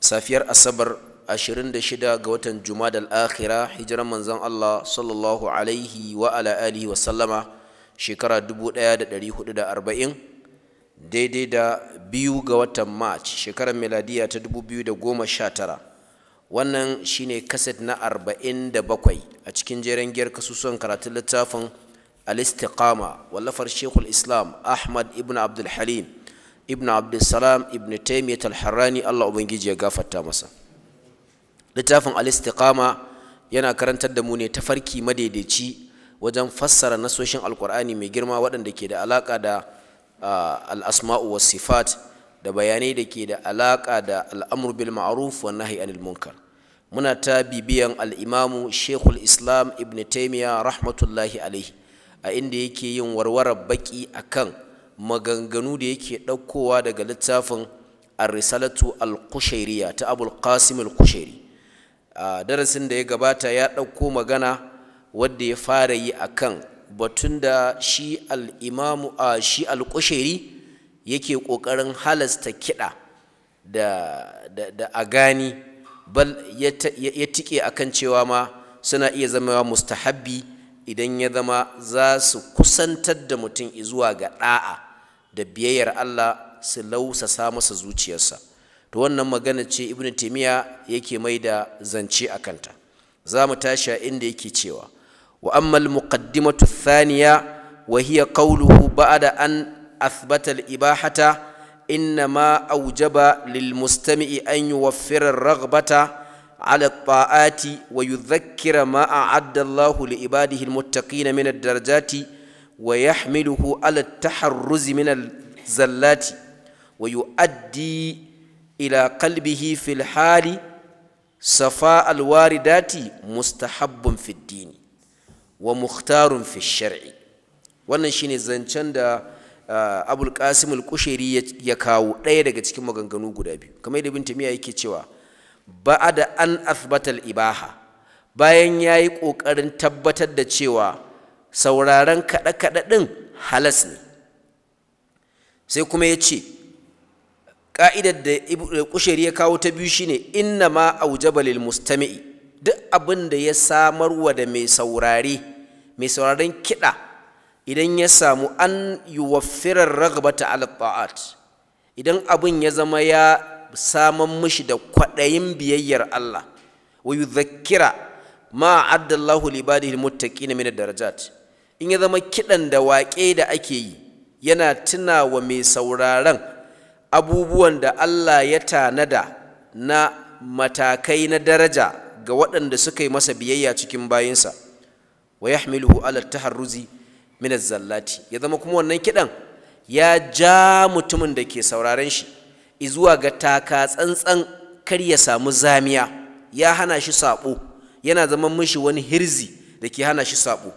safiyar asabar 26 ga watan jumadal akhira hijiran manzon Allah sallallahu alaihi wa ala alihi wa sallama shekara 1440 daidai da biyu ga watan march shekarar miladiya ta 2019 wannan shine kaset na 47 a cikin jeren giyar kasusuwan karatun littafin al wallafar shekul islam ahmad ibn abdul halim ibn abdulsalam ibn taimiyat al allah ubangiji ya gafarta masa littafin al-istiqama yana karantar da mu ne tafarki madaidaici wajen fassara nasoshin alkur'ani mai girma waɗanda ke da alaƙa da al-asma'u was sifat da bayanai da ke da alaƙa da al'amru bil ma'ruf wa nahi anil munkar muna ta bibiyan al-imamu shekul islam ibn taimiya rahmatullahi alaihi a inda yake yin warwarar baki akan maganganu da yake ɗaukowa daga littafin arisalatu risalatu al kushairiya ta abul qasim al kushairi a darasin da ya gabata ya ɗauko magana wadda ya fara yi a kan batun da shi al-imamu a shi al kushairi yake ƙoƙarin halasta kiɗa da a gani agani bal ya tike a kan cewa ma suna iya zama mustahabbi idan ya zama za su kusantar da mutum zuwa ga ɗa'a da biyayyar Allah su lausasa masa zuciyarsa to wannan magana ce ibnu timiya yake mai da zance a kanta za mu tashi a inda yake cewa wa ammal muqaddimatu thaniya wa hiya qawluhu ba'da an athbata al-ibahata إنما أوجب للمستمع أن يوفر الرغبة على الطاعات ويذكر ما أعد الله لعباده المتقين من الدرجات wa yahmiluhu hu taharruz min al-zallati wa yu'addi ila kalbihi fil hali safa alwari waridati mustahabbun fi wa mukhtarun fi shar'i wannan shine zancen da uh, abul qasim al ya kawo ɗaya daga cikin maganganu guda biyu kamar da ibn tamiya yake cewa ba'ada an athbata ibaha bayan yayi kokarin tabbatar da cewa Sauraren kaɗe-kaɗe ɗin halas ne sai kuma ya ce ƙa'idar da kushari ya kawo ta biyu shine inna ma aujaba mustami'i duk abin da ya samarwa da mai saurare mai sauraren kiɗa idan ya samu an yuwaffirar ragaba ta alfa'at idan abin ya zama ya saman mishi da kwaɗayin biyayyar Allah wa yi ma adda Allahu libadihi almuttaqina min darajat in ya zama kiɗan da waƙe da ake yi yana tuna wa mai sauraron abubuwan da Allah ya tanada na matakai na daraja ga waɗanda suka yi masa biyayya cikin bayinsa wa yahmiluhu ala taharruzi min zallati ya zama kuma wannan kiɗan ya ja mutumin da ke sauraron shi izuwa ga taka tsantsan kar ya samu zamiya ya hana shi saɓo yana zama mishi wani hirzi da ke hana shi saɓo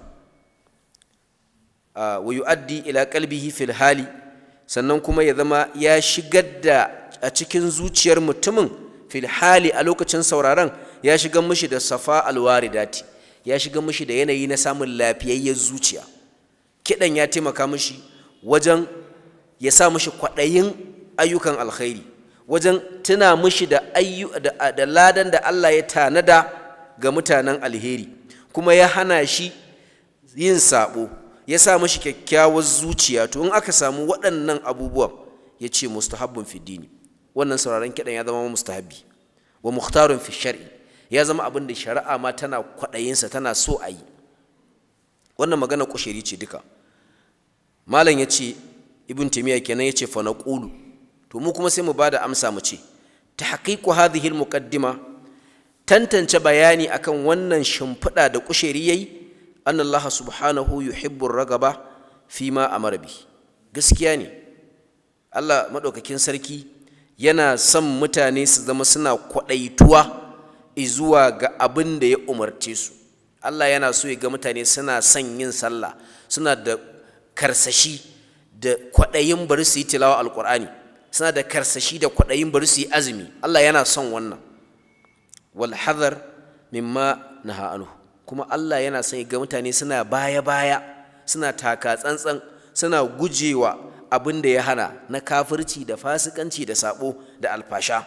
Ah, wa yu'addi ila qalbihi fil hali sannan kuma ya zama ya shigar da a cikin zuciyar mutumin fil hali a lokacin sauraron ya shiga mishi da safa alwaridati ya shiga mishi da yanayi na samun lafiyayyen zuciya kidan ya taimaka mishi wajen ya sa mishi kwaɗayin ayyukan alkhairi wajen tuna mishi da da ladan da Allah ya tanada ga mutanen alheri kuma ya hana shi yin sabo ya sa mashi kyakkyawar zuciya to in aka samu waɗannan abubuwan ya ce mustahabbun fi wannan sauraron kiɗan ya zama mustahabbi wa mukhtarun fi shar'i ya zama abin da shari'a ma tana kwaɗayinsa tana so a yi wannan magana kushiri ce duka malam ya ce ibn timiya kenan ya ce fana ƙulu to mu kuma sai mu bada amsa mu ce tahqiqu hadhihi al tantance bayani akan wannan shimfiɗa da kushiri ya yi. anna Allah subhanahu yuhibbu ragaba fi ma amara gaskiya ne Allah madaukakin sarki yana son mutane su zama suna kwadaituwa zuwa ga abin da ya umarce su Allah yana so ya ga mutane suna son yin sallah suna da karsashi da kwadayin bari su yi tilawa alqur'ani suna da karsashi da kwadayin bari su yi azumi Allah yana son wannan wal hadar mimma naha anhu kuma Allah yana son ga mutane suna baya-baya suna taka tsantsan suna gujewa abin da ya hana na kafirci da fasikanci da sabo da alfasha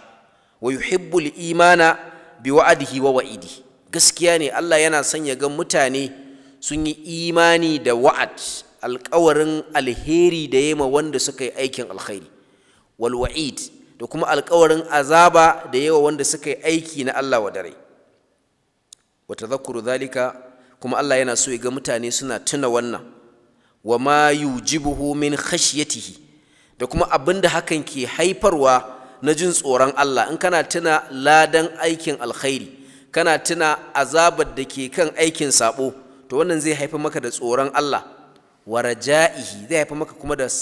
wa yuhibbul imana bi wa'adihi wa wa'idi gaskiya ne Allah yana son ya ga mutane sun yi imani da wa'ad alƙawarin alheri da ya ma wanda suka yi aikin alkhairi wal wa'id da kuma alƙawarin azaba da yawa wanda suka yi aiki na Allah wa dare wa tadhakkuru dhalika kuma Allah yana so ya ga mutane suna tuna wannan wa ma yujibuhu min khashyatihi da kuma abinda hakan ke haifarwa na jin tsoron Allah in kana tuna ladan aikin alkhairi kana tuna azabar da ke kan aikin sabo to wannan zai haifa maka da tsoron Allah wa raja'ihi zai haifa maka kuma da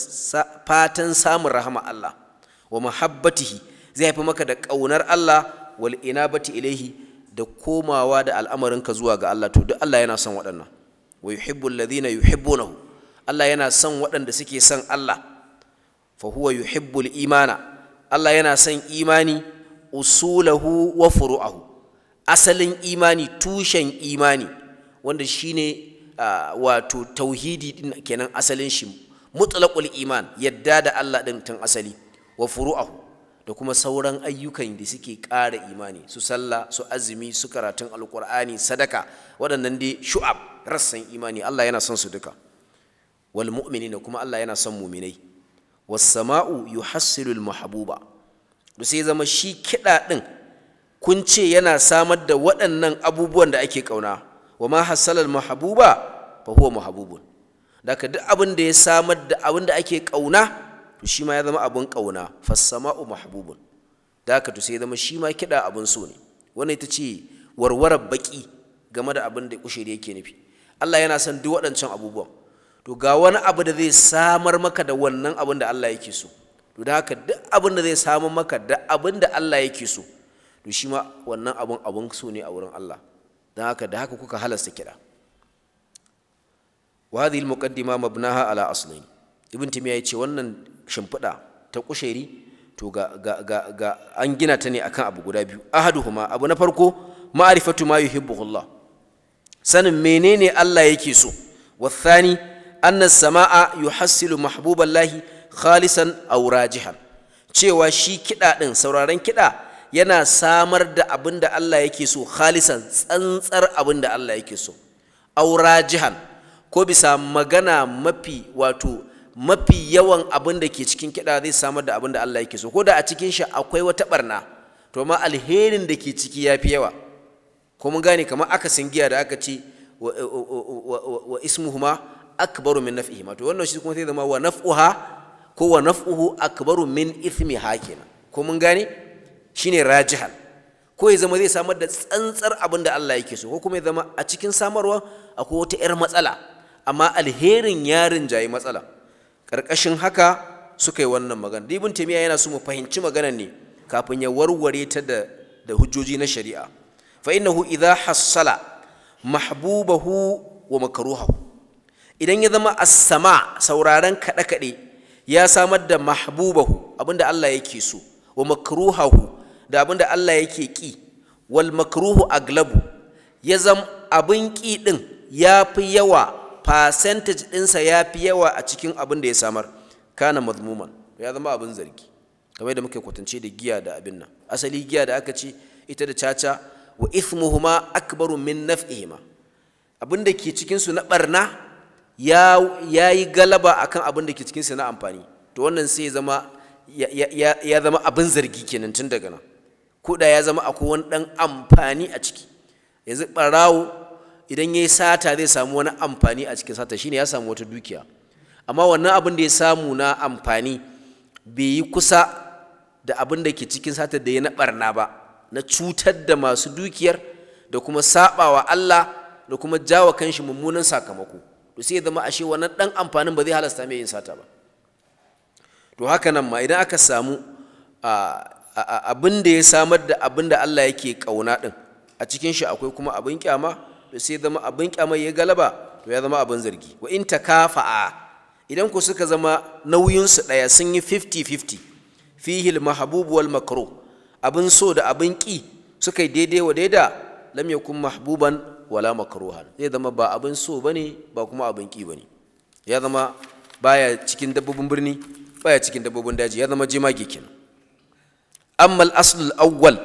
fatan samun rahama Allah wa mahabbatihi zai haifa maka da ƙaunar Allah wal inabati ilaihi da komawa da al'amarinka zuwa ga Allah to duk Allah yana son waɗannan wa yuhibbu alladhina yuhibbunahu Allah yana son waɗanda suke son Allah fa huwa yuhibbul imana Allah yana son imani usulahu wa furu'ahu asalin imani tushen imani wanda shine wato tauhidi din kenan asalin shi mutlaqul iman yadda da Allah din tun asali wa furu'ahu da kuma sauran ayyukan da suke ƙara imani su sallah su azumi su karatun alkur'ani sadaka waɗannan dai shu'ab rassan imani Allah yana son su duka wal mu'minina kuma Allah yana son mu'minai was sama'u yuhassilul mahbuba to sai zama shi kiɗa ɗin kun ce yana samar da waɗannan abubuwan da ake ƙauna wa ma hassalal mahbuba fa huwa mahbubun duk abin da ya samar da abin da ake ƙauna to shi ma ya zama abin ƙauna fassama'u mahbubun da haka to sai zama shi ma kiɗa abin so ne wannan ita ce warwarar baƙi game da abin da kushiri yake nufi Allah yana son duk waɗancan abubuwan to ga wani abu da zai samar maka da wannan abin da Allah yake so to da haka duk abin da zai samar maka da abin da Allah yake so to shi ma wannan abin abin so ne a wurin Allah don haka da haka kuka halasta kiɗa وهذه المقدمة مبناها على أصلين ابن تيمية يقول wannan shimfiɗa ta kusheri to ga, ga, ga, ga an gina ta ne akan abu guda biyu ahaduhuma abu na farko ma'arifatu ma yuhibbuhullah sanin menene Allah yake so wathani anna sama'a yuhassilu mahbuballahi khalisan aw rajihan cewa shi kiɗa ɗin sauraron kiɗa yana samar da abinda da Allah yake so khalisan tsantsar abin da Allah yake so aw rajihan ko bisa magana mafi wato mafi yawan abin da ke cikin kiɗa zai samar da abin da Allah yake so ko da a cikin shi akwai wata barna to ma alherin da ke ciki ya fi yawa ko mun gane kamar aka giya da aka ce wa ismuhuma akbaru min naf'ihima to wannan shi kuma sai zama wa naf'uha ko wa naf'uhu akbaru min ismi kenan ko mun gane shine rajihan ko ya zama zai samar da tsantsar abin da Allah yake so ko kuma ya zama a cikin samarwa akwai wata 'yar matsala amma alherin yarin jayi matsala ƙarƙashin haka suka yi wannan magana ibn taymiya yana so mu fahimci magana ne kafin ya warware ta da da hujjoji na shari'a fa innahu idha hassala mahbubahu wa makruhahu idan ya zama as-sama sauraron kaɗe-kaɗe ya samar da mahbubahu abinda Allah yake so wa makruhahu da abinda Allah yake ki wal makruhu aglabu ya zama abin ki din yafi yawa percentage ɗinsa ya fi yawa a cikin abin da ya samar kana mazmuman ya zama abin zargi kamar da muke kwatance da giya da abin nan asali giya da aka ce ita da caca wa ithmuhuma akbaru min naf'ihima abin da ke cikin su na barna ya yayi galaba akan abin da ke cikin su na amfani to wannan sai ya zama ya zama abin zargi kenan tun daga nan kuɗa ya zama akwai wani ɗan amfani a ciki yanzu ɓarawo idan ya yi sata zai samu wani amfani a cikin sata shine ya samu wata dukiya amma wannan abin da ya samu na amfani bai yi kusa da abin da ke cikin sata da ya na barna ba na cutar da masu dukiyar da kuma sabawa Allah da kuma jawa kanshi mummunan sakamako to sai ya zama ashe wannan dan amfanin ba zai halasta mai yin sata ba to haka nan ma idan aka samu abin da ya samar da abin da Allah yake kauna din a cikin shi akwai kuma abin kyama to sai zama abin kyamai ya galaba to ya zama abin zargi wa in takafa'a idan ku suka zama nauyinsu ɗaya sun yi 50-50 fihil mahbub wal makro abin so da abin ƙi suka yi daidai wa daida lam yakun mahbuban wala makruhan zai zama ba abin so bane ba kuma abin ƙi bane ya zama baya cikin dabbobin birni baya cikin dabbobin daji ya zama jima kenan amma al-aslul awwal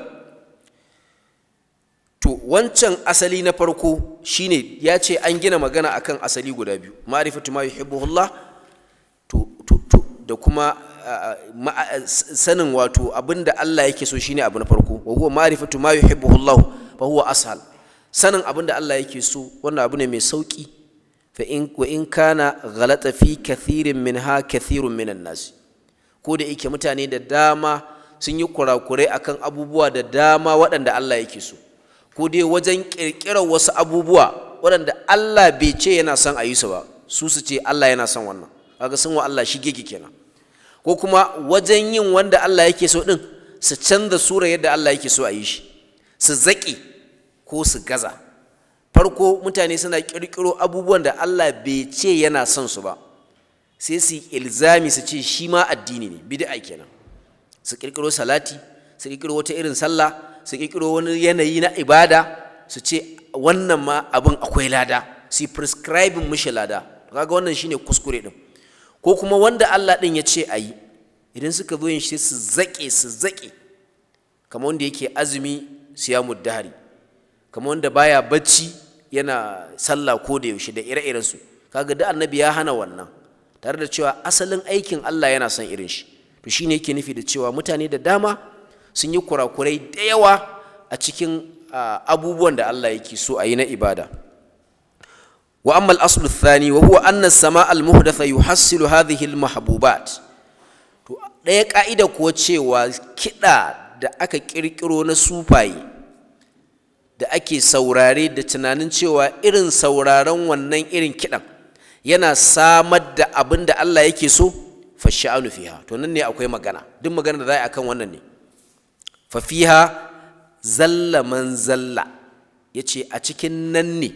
to wancan asali na farko shine ya ce an gina magana akan asali guda biyu ma'rifatu ma yuhibbuhullah to to to da kuma sanin wato abinda Allah yake so shine abu na farko wa huwa ma'rifatu ma yuhibbuhullah fa huwa ashal sanin abinda Allah yake so wannan abu ne mai sauki fa in wa in kana ghalata fi kathirin minha kathirun minan nas ko da yake mutane da dama sun yi kurakurai akan abubuwa da dama waɗanda Allah yake so ko dai wajen ƙirƙirar wasu abubuwa waɗanda Allah bai ce yana son a yi su ba su su ce Allah yana son wannan kaga sun wa Allah shige ki kenan ko kuma wajen yin wanda Allah yake so din su canza sura yadda Allah yake so a yi shi su zaƙi ko su gaza farko mutane suna ƙirƙiro abubuwan da Allah bai ce yana son su ba sai su ilzami su ce shi ma addini ne bid'a kenan su ƙirƙiro salati su ƙirƙiro wata irin sallah su ƙirƙiro wani yanayi na ibada su ce wannan ma abin akwai lada su prescribe mishi lada kaga wannan shine kuskure din ko kuma wanda Allah din ya ce ayi idan suka zo yin shi su zaƙe su zaƙe kamar wanda yake azumi siyamu dahari kamar wanda baya bacci yana sallah ko da yaushe da ire-iren su kaga da annabi ya hana wannan tare da cewa asalin aikin Allah yana son irin shi to shine yake nufi da cewa mutane da dama sun yi kurakurai da yawa a cikin abubuwan da Allah yake so a yi na ibada wa amma al thani wa huwa anna sama al-muhdatha yuhassilu hadhihi al-mahbubat to ɗaya ka'ida kuwa cewa kiɗa da aka ƙirƙiro na sufaye da ake saurare da tunanin cewa irin sauraron wannan irin kiɗan yana samar da abin da Allah yake so fasha'anu fiha to nan ne akwai magana duk magana da za a kan wannan ne fafiha fiha zalla man zalla yace a cikin nan ne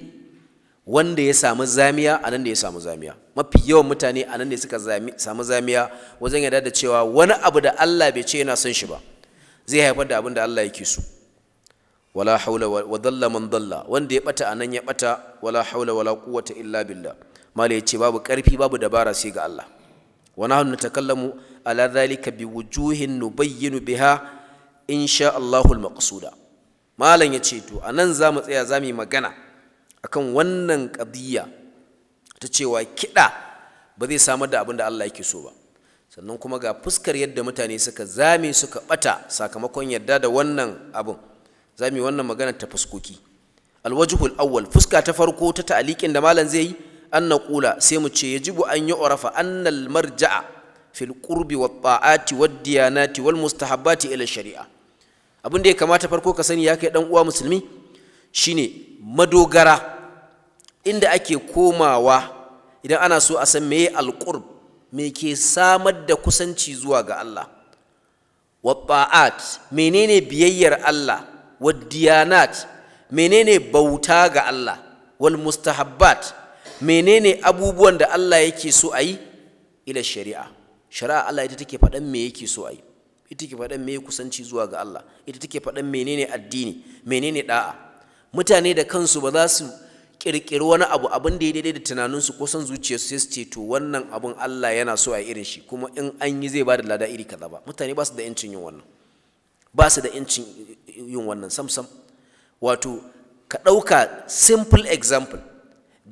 wanda ya samu zamiya a nan da ya samu zamiya mafi yawan mutane a nan ne suka samu zamiya wajen yarda da cewa wani abu da Allah bai ce yana son shi ba zai haifar da abin da Allah yake so wala haula wa dalla man dalla wanda ya bata anan ya bata wala haula wala quwwata illa billah mala yace babu karfi babu dabara sai ga Allah wa nahnu natakallamu ala zalika biwujuhin nubayyinu biha in sha Allahul maqsuda malam ya ce to a anan mu tsaya mu yi magana akan wannan qadiyya ta cewa kiɗa ba zai samar da abin da Allah yake so ba sannan kuma ga fuskar yadda mutane suka zame suka ɓata sakamakon yadda da wannan abin za mu yi wannan magana ta fuskoki alwajhul awwal fuska ta farko ta ta'liqin da malam zai yi an naqula sai mu ce yajibu an yi urafa annal marja'a fil qurbi wat ta'ati wad diyanati wal mustahabbati ila shari'a abin da ya kamata farko ka sani ya kai dan uwa musulmi shine madogara inda ake komawa idan ana so a san meye alqurb me ke samar da kusanci zuwa ga Allah wa ta'at menene biyayyar Allah wa diyanat menene bauta ga Allah wal mustahabbat menene abubuwan da Allah yake so a yi ila shari'a shari'a Allah ita take faɗan me yake so a yi ita take faɗan me kusanci zuwa ga Allah ita take faɗan menene addini menene da'a mutane da kansu ba za su ƙirƙiri wani abu abin da ya daidai da tunaninsu ko son zuciyarsu sai su ce to wannan abun Allah yana so a irin shi kuma in an yi zai bada lada iri kaza ba mutane ba su da yancin yin wannan ba su da yancin yin wannan sam sam wato ka ɗauka simple example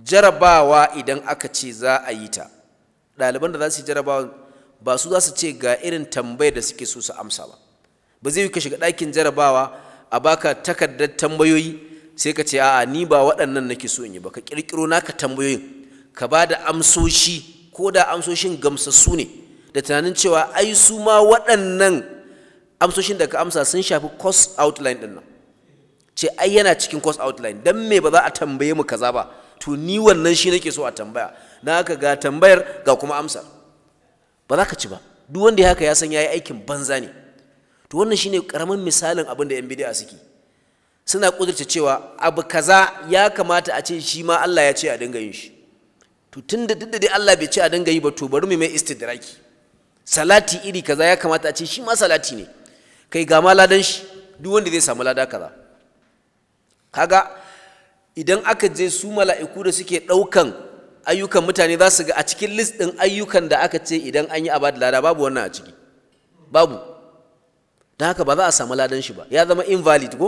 jarabawa idan aka ce za a yi ta ɗaliban da za su yi jarabawa ba su za su ce ga irin tambayar da suke so su amsa ba ba zai yi ka shiga ɗakin jarabawa a baka takardar tambayoyi sai ka ce a'a ni ba waɗannan nake so in yi ba ka ƙirƙiro naka tambayoyin ka ba da amsoshi ko da amsoshin gamsassu ne da tunanin cewa ai su ma waɗannan amsoshin da ka amsa sun shafi course outline ɗin nan ce ai yana cikin course outline dan me ba za a tambaye mu kaza ba to ni wannan shi nake so a tambaya na ga tambayar ga kuma amsar ba za ka ci ba duk wanda haka ya san ya yi aikin banza ne to wannan shine karamin misalin abin da 'yan bidiya suke suna kudurta cewa abu kaza ya kamata a ce shi ma Allah ya ce a dinga yin shi to tun da duk da dai Allah bai ce a dinga yi ba to bari mu mai istidraki salati iri kaza ya kamata a ce shi ma salati ne kai ga ma ladan shi duk wanda zai samu lada kaza kaga idan aka je su mala'iku da suke ɗaukan ayyukan mutane za su ga a cikin list ɗin ayyukan da aka ce idan an yi a bada lada babu wannan a ciki babu don haka ba za a samu ladan shi ba ya zama invalid ko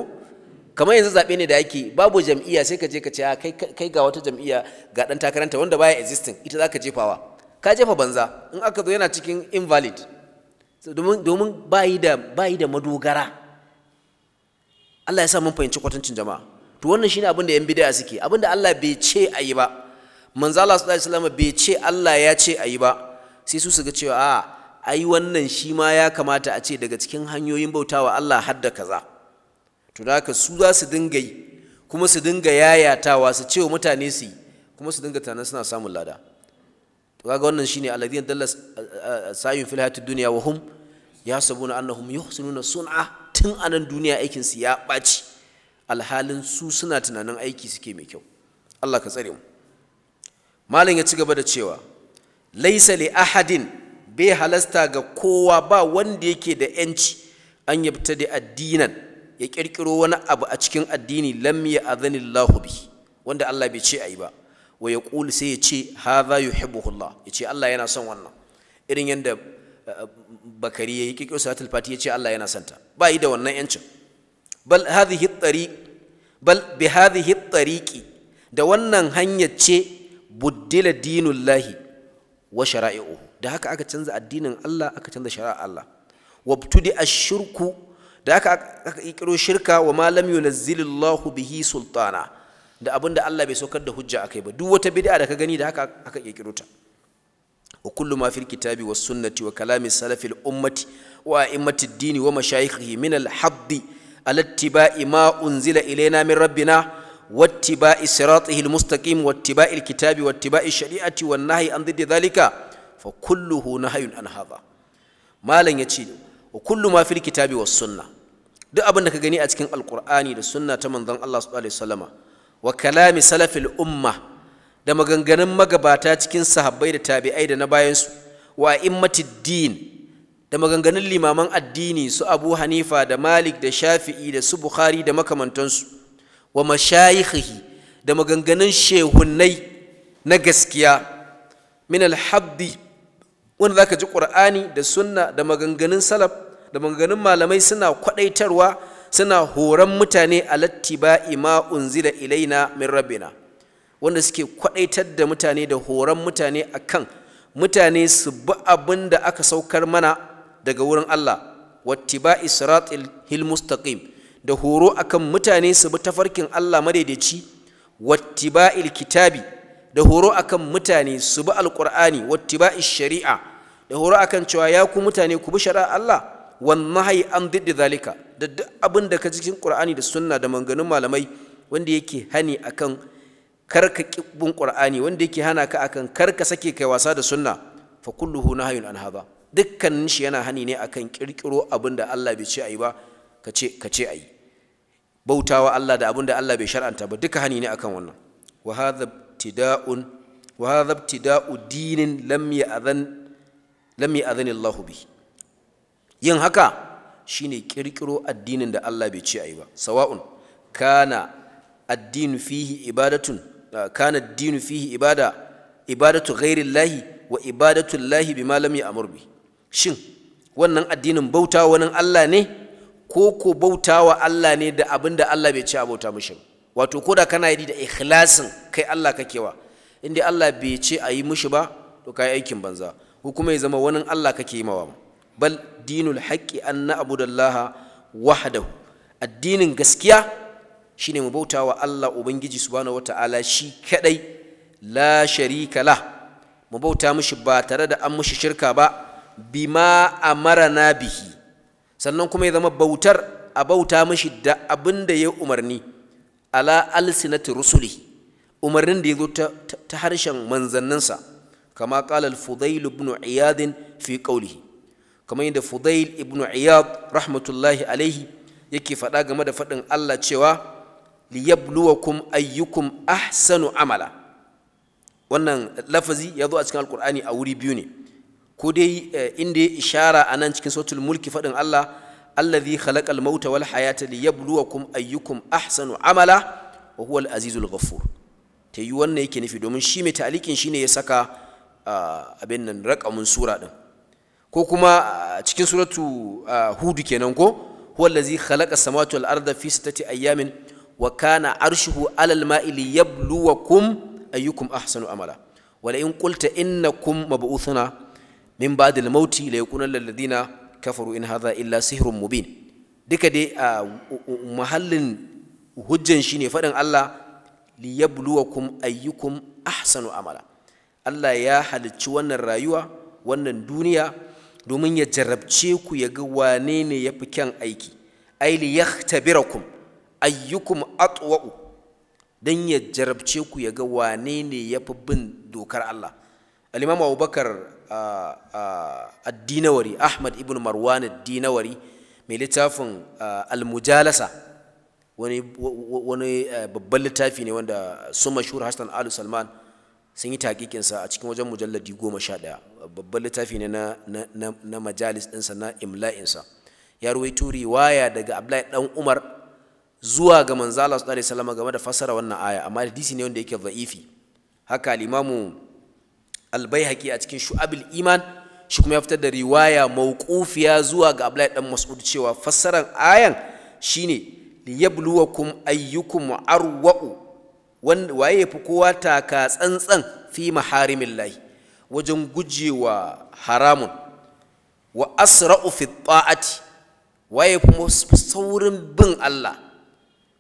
kamar yanzu zaɓe ne da ake babu jam'iyya sai ka je ka ce ah, kai ga wata jam'iya ga ɗan takaranta wanda baya existing ita za ka jefawa ka jefa banza in aka zo yana cikin invalid domin ba da da madogara Allah ya sa mun fahimci kwatancin jama'a to wannan shine abin da yan bidaya suke abin da Allah bai ce a yi ba manzo Allah sallallahu bai ce Allah ya ce ayi ba sai su su ga cewa a ai wannan shi ma ya kamata a ce daga cikin hanyoyin bautawa Allah hadda kaza to da haka su za su dinga yi kuma su dinga yayatawa su cewa mutane su yi kuma su dinga tunanin suna samun lada to kaga wannan shine alladhina dallas sayun fil hayatid dunya wa hum yasabuna annahum yuhsinuna sun'a tun anan duniya aikin su ya baci alhalin su suna tunanin aiki suke mai kyau Allah ka tsare mu Malin ya ci gaba da cewa laisa li ahadin bai halasta ga kowa ba wanda yake da yanci an yabta da addinan ya kirkiro wani abu a cikin addini lam ya adhanillahu bi wanda Allah bai ce ayi ba wa ya qul sai ya ce hadha yuhibbuhullah ya ce Allah yana son wannan irin yanda eh, eh, bakari ya yi kirkiro salatul fati ya ce Allah yana son ta ba yi da wannan yancin bal hadhihi tariq bal bi hadhihi tariqi da wannan hanyar ce buddila dinullahi wa shara'i'uhu da haka aka canza addinin Allah aka canza shara'a Allah wabtudi ash-shirku da haka aka ikiro shirka wa ma lam yunazzilillahu bihi sultana da abinda Allah bai saukar da hujja akai ba duk wata bid'a da ka gani da haka aka kiro ta wa kullu ma fil kitabi wa sunnati wa kalami salafil ummati wa a'immati ad-dini wa mashayikhihi min al haddi ala ittiba'i ma unzila ilayna min rabbina واتباع صراطه المستقيم واتباع الكتاب واتباع الشريعة والنهي عن ضد ذلك فكله نهي عن هذا ما لن يتشيل وكل ما في الكتاب والسنة duk abin da ka gani a cikin alkur'ani da sunna ta manzan Allah sallallahu alaihi wasallama wa kalami salafil umma da maganganun magabata cikin sahabbai da tabi'ai da na bayansu wa immatiddin da maganganun limaman addini su Abu Hanifa da Malik da Shafi'i da su Bukhari da makamantansu wa mashayikhihi da maganganun shehunai na gaskiya min alhabdi wanda zaka ji ƙur'ani da sunna da maganganun salaf da maganganun malamai suna kwaɗaitarwa suna horon mutane alattiba'i ma ma'unzila ilaina min rabina wanda suke kwaɗaitar da mutane da horon mutane a kan mutane su bi abin da aka saukar mana daga wurin Allah wattiba'i siratil mustaqim da horo akan mutane su bi tafarkin Allah madaidaici wattiba'il kitabi da horo akan mutane su bi alqur'ani wattiba'is shari'a da horo akan cewa ya ku mutane ku bi shari'a Allah wan nahyi an diddi zalika da duk abin da ka cikin qur'ani da sunna da manganun malamai wanda yake hani akan karka kibin qur'ani wanda yake hana ka akan karka sake kai wasa da sunna fa kulluhu nahyun an hadha dukkanin shi yana hani ne akan kirkiro abin da Allah bai ce ayi ba ka ce a yi bautawa Allah da abin da Allah bai shar'anta ba duka hani ne akan wannan wa hadha ibtida'un wa hadha ibtida'u dinin lam ya'zan lam ya'zan Allah bi yin haka shine kirkiro addinin da Allah bai ce ayi ba sawa'un kana addinu fihi ibadatun kana addinu fihi ibada ibadatu ghairi Allah wa ibadatu Allah bima lam ya'mur bi shin wannan addinin bautawa wani Allah ne ko ko wa Allah ne da abin da Allah bai ce a bauta mishi wato ko da kana yi da ikhlasin kai Allah kake wa in dai Allah bai ce a yi mishi ba to kai aikin banza ko kuma ya zama wani Allah kake yi mawa bal dinul haqqi an na'budallaha wahdahu addinin gaskiya shine mu bauta wa Allah ubangiji subhanahu wataala shi kadai la sharika la mu bauta mishi ba tare da an mishi shirka ba bima amara na bihi sannan kuma ya zama bautar a bauta mashi da abin da ya umarni ala alsinati rusuli umarnin da ya zo ta harshen manzanninsa kama ƙalal al-fudail ibn iyad fi qawlihi kamar yadda fudail ibn iyad rahmatullahi alaihi yake faɗa game da faɗin Allah cewa liyabluwakum ayyukum ahsanu amala wannan lafazi ya zo a cikin alqur'ani a wuri biyu ne ko dai eh, inda ya ishara a nan cikin sautul mulki faɗin Allah allazi khalaqal mauta wal hayata liyabluwakum ayyukum ahsanu amala wa huwal azizul ghafur ta yi wannan yake nufi domin shi mai ta'alikin shine ya saka ah, abin nan mun sura din ko kuma ah, cikin suratu ah, hudu kenan ko huwa allazi khalaqa samawati wal arda fi sittati ayyamin wa kana arshuhu alal ma'i liyabluwakum ayyukum ahsanu amala wala in qulta innakum mab'uthuna min ba'dil mauti la yakunal ladina kafaru in hadha illa sihrun mubin duka dai a muhallin hujjan shine faɗin Allah liyabluwakum ayyukum ahsanu amala Allah ya halicci wannan rayuwa wannan duniya domin ya jarabce ku ya ga wane ne ya fi kyan aiki ai li yahtabirakum ayyukum atwa'u dan ya jarabce ku ya ga wane ne ya fi bin dokar Allah al-imamu Abubakar addinawari ahmad ibn marwan addinawari mai littafin almujalasa wani babban littafi ne wanda su mashhur hassan alu salman sun yi taƙiƙinsa a cikin wajen mujalladi goma sha ɗaya babban littafi ne na majalis ɗinsa na imla'insa ya ruwaito riwaya daga abdullahi dan umar zuwa ga manzala su ɗare salama game da fassara wannan aya amma hadisi ne wanda yake za'ifi haka limamu albayhaqi a cikin shu'abil iman shi kuma ya fitar da riwaya mawqufiya zuwa ga abdullahi dan mas'ud cewa fassaran ayan shine yabluwakum ayyukum arwa'u wanda waye fi kowa taka tsantsan fi maharimillahi wajen gujewa haramun wa asra'u fi ta'ati waye fi saurin bin Allah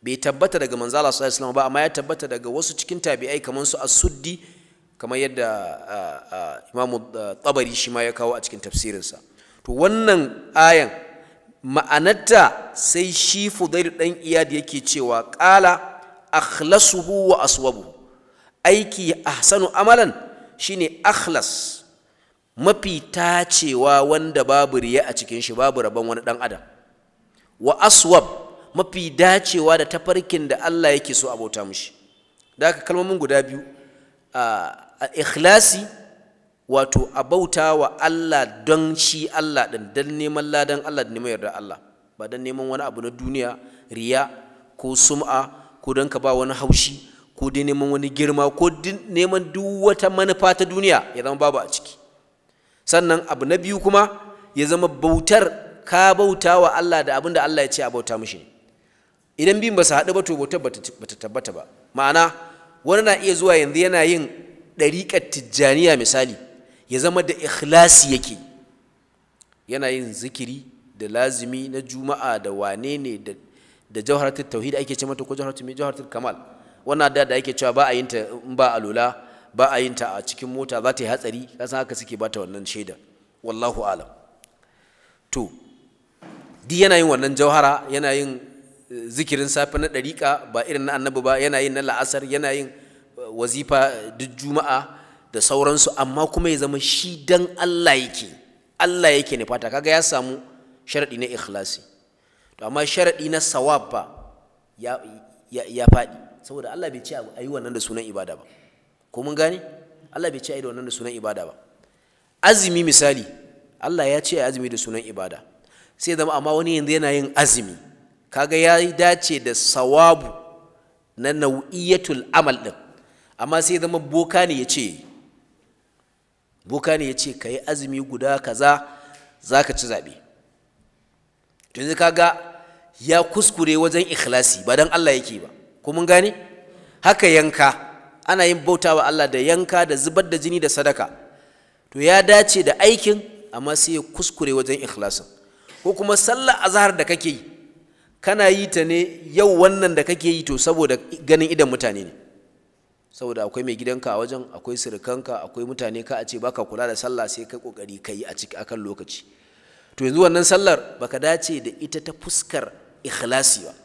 bai tabbata daga manzala sallallahu alaihi wasallam ba amma ya tabbata daga wasu cikin tabi'ai kamar su as-suddi kamar yadda imamu tabari shi ma ya kawo a cikin tafsirinsa to wannan ayan ma'anarta sai shi ɗan dan iyad yake cewa ƙala akhlasuhu wa aswabu aiki ahsanu amalan shine akhlas mafi tacewa wanda babu riya a cikin shi babu rabon wani ɗan adam wa aswab mafi dacewa da tafarkin da Allah yake so abota mushi da aka kalmomin guda biyu A ikhlasi wato a bauta wa Allah don shi Allah ɗin don neman ladan Allah da neman yarda Allah ba don neman wani abu na duniya riya ko sum'a ko don ka ba wani haushi ko dai neman wani girma ko neman duk wata manufa ta duniya ya zama babu a ciki sannan abu na biyu kuma ya zama bautar ka bauta wa Allah da abin da Allah ya ce a bauta mishi idan biyu ba su haɗu ba to bautar ba ta tabbata ba ma'ana wani na iya zuwa yanzu yana yin ɗariƙar tijjaniya misali ya zama da ikhlasi yake yana yin zikiri da lazimi na juma'a da wane ne da jawharatul tauhid ake ce mata ko jawharatul mai jawharatul kamal wannan da da ake cewa ba a yin ta in ba a lula ba a yin ta a cikin mota za ta yi hatsari kasan haka suke bata wannan shaida wallahu alam to di yana yin wannan jawhara yana yin eh, zikirin safe na ɗariƙa ba irin na annabi ba yana yin na la'asar yana yin wazifa duk juma'a da sauransu amma kuma ya zama shi dan Allah yake Allah yake ne fata kaga ya samu sharadi na ikhlasi to amma sharadi na sawab ba ya ya faɗi saboda Allah bai ce yi wannan da sunan ibada ba ko mun gane Allah bai ce a yi wannan da sunan ibada ba azumi misali Allah ya ce azumi da sunan ibada sai zama amma wani yanzu yana yin azumi kaga ya dace da sawabu na nau'iyatul amal din amma sai zama boka ne ya ce boka ne ya ce ka yi azumi guda kaza za ka ci zaɓe tun zai kaga ya kuskure wajen ikhlasi ba don Allah yake ba ko mun gane haka yanka ana yin wa Allah da yanka da zubar da jini da sadaka to ya dace da aikin amma sai ya kuskure wajen ikhlasin ko kuma sallar azhar da kake yi kana yi ta ne yau wannan da kake yi to saboda ganin idan mutane ne saboda akwai mai gidanka a wajen akwai surukanka akwai mutane ka a ce baka kula da sallah sai kai kokari kai a ciki akan lokaci to yanzu wannan sallar baka dace da ita ta fuskar ikhlasi ba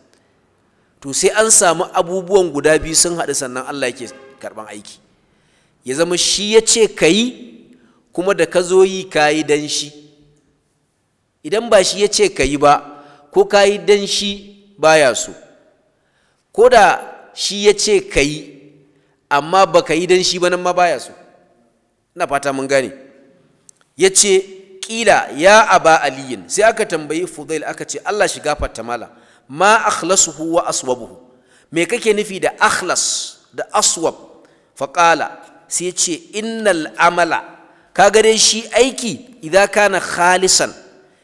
to sai an samu abubuwan guda biyu sun haɗu sannan Allah yake karban aiki ya zama shi ya ce ka yi kuma da ka zo yi ka yi dan shi idan ba shi ya ce ka ba ko ka yi dan shi baya so ko da shi ya ce ka amma baka yi don shi ba nan ma baya so na fata mun gane ce ƙila ya aba aliyin sai aka tambayi fudail aka ce Allah shiga fata mala ma akhlasuhu huwa aswabuhu me kake nufi da akhlas da aswab faƙala sai ce innal amala ka gare shi aiki idan kana khalisan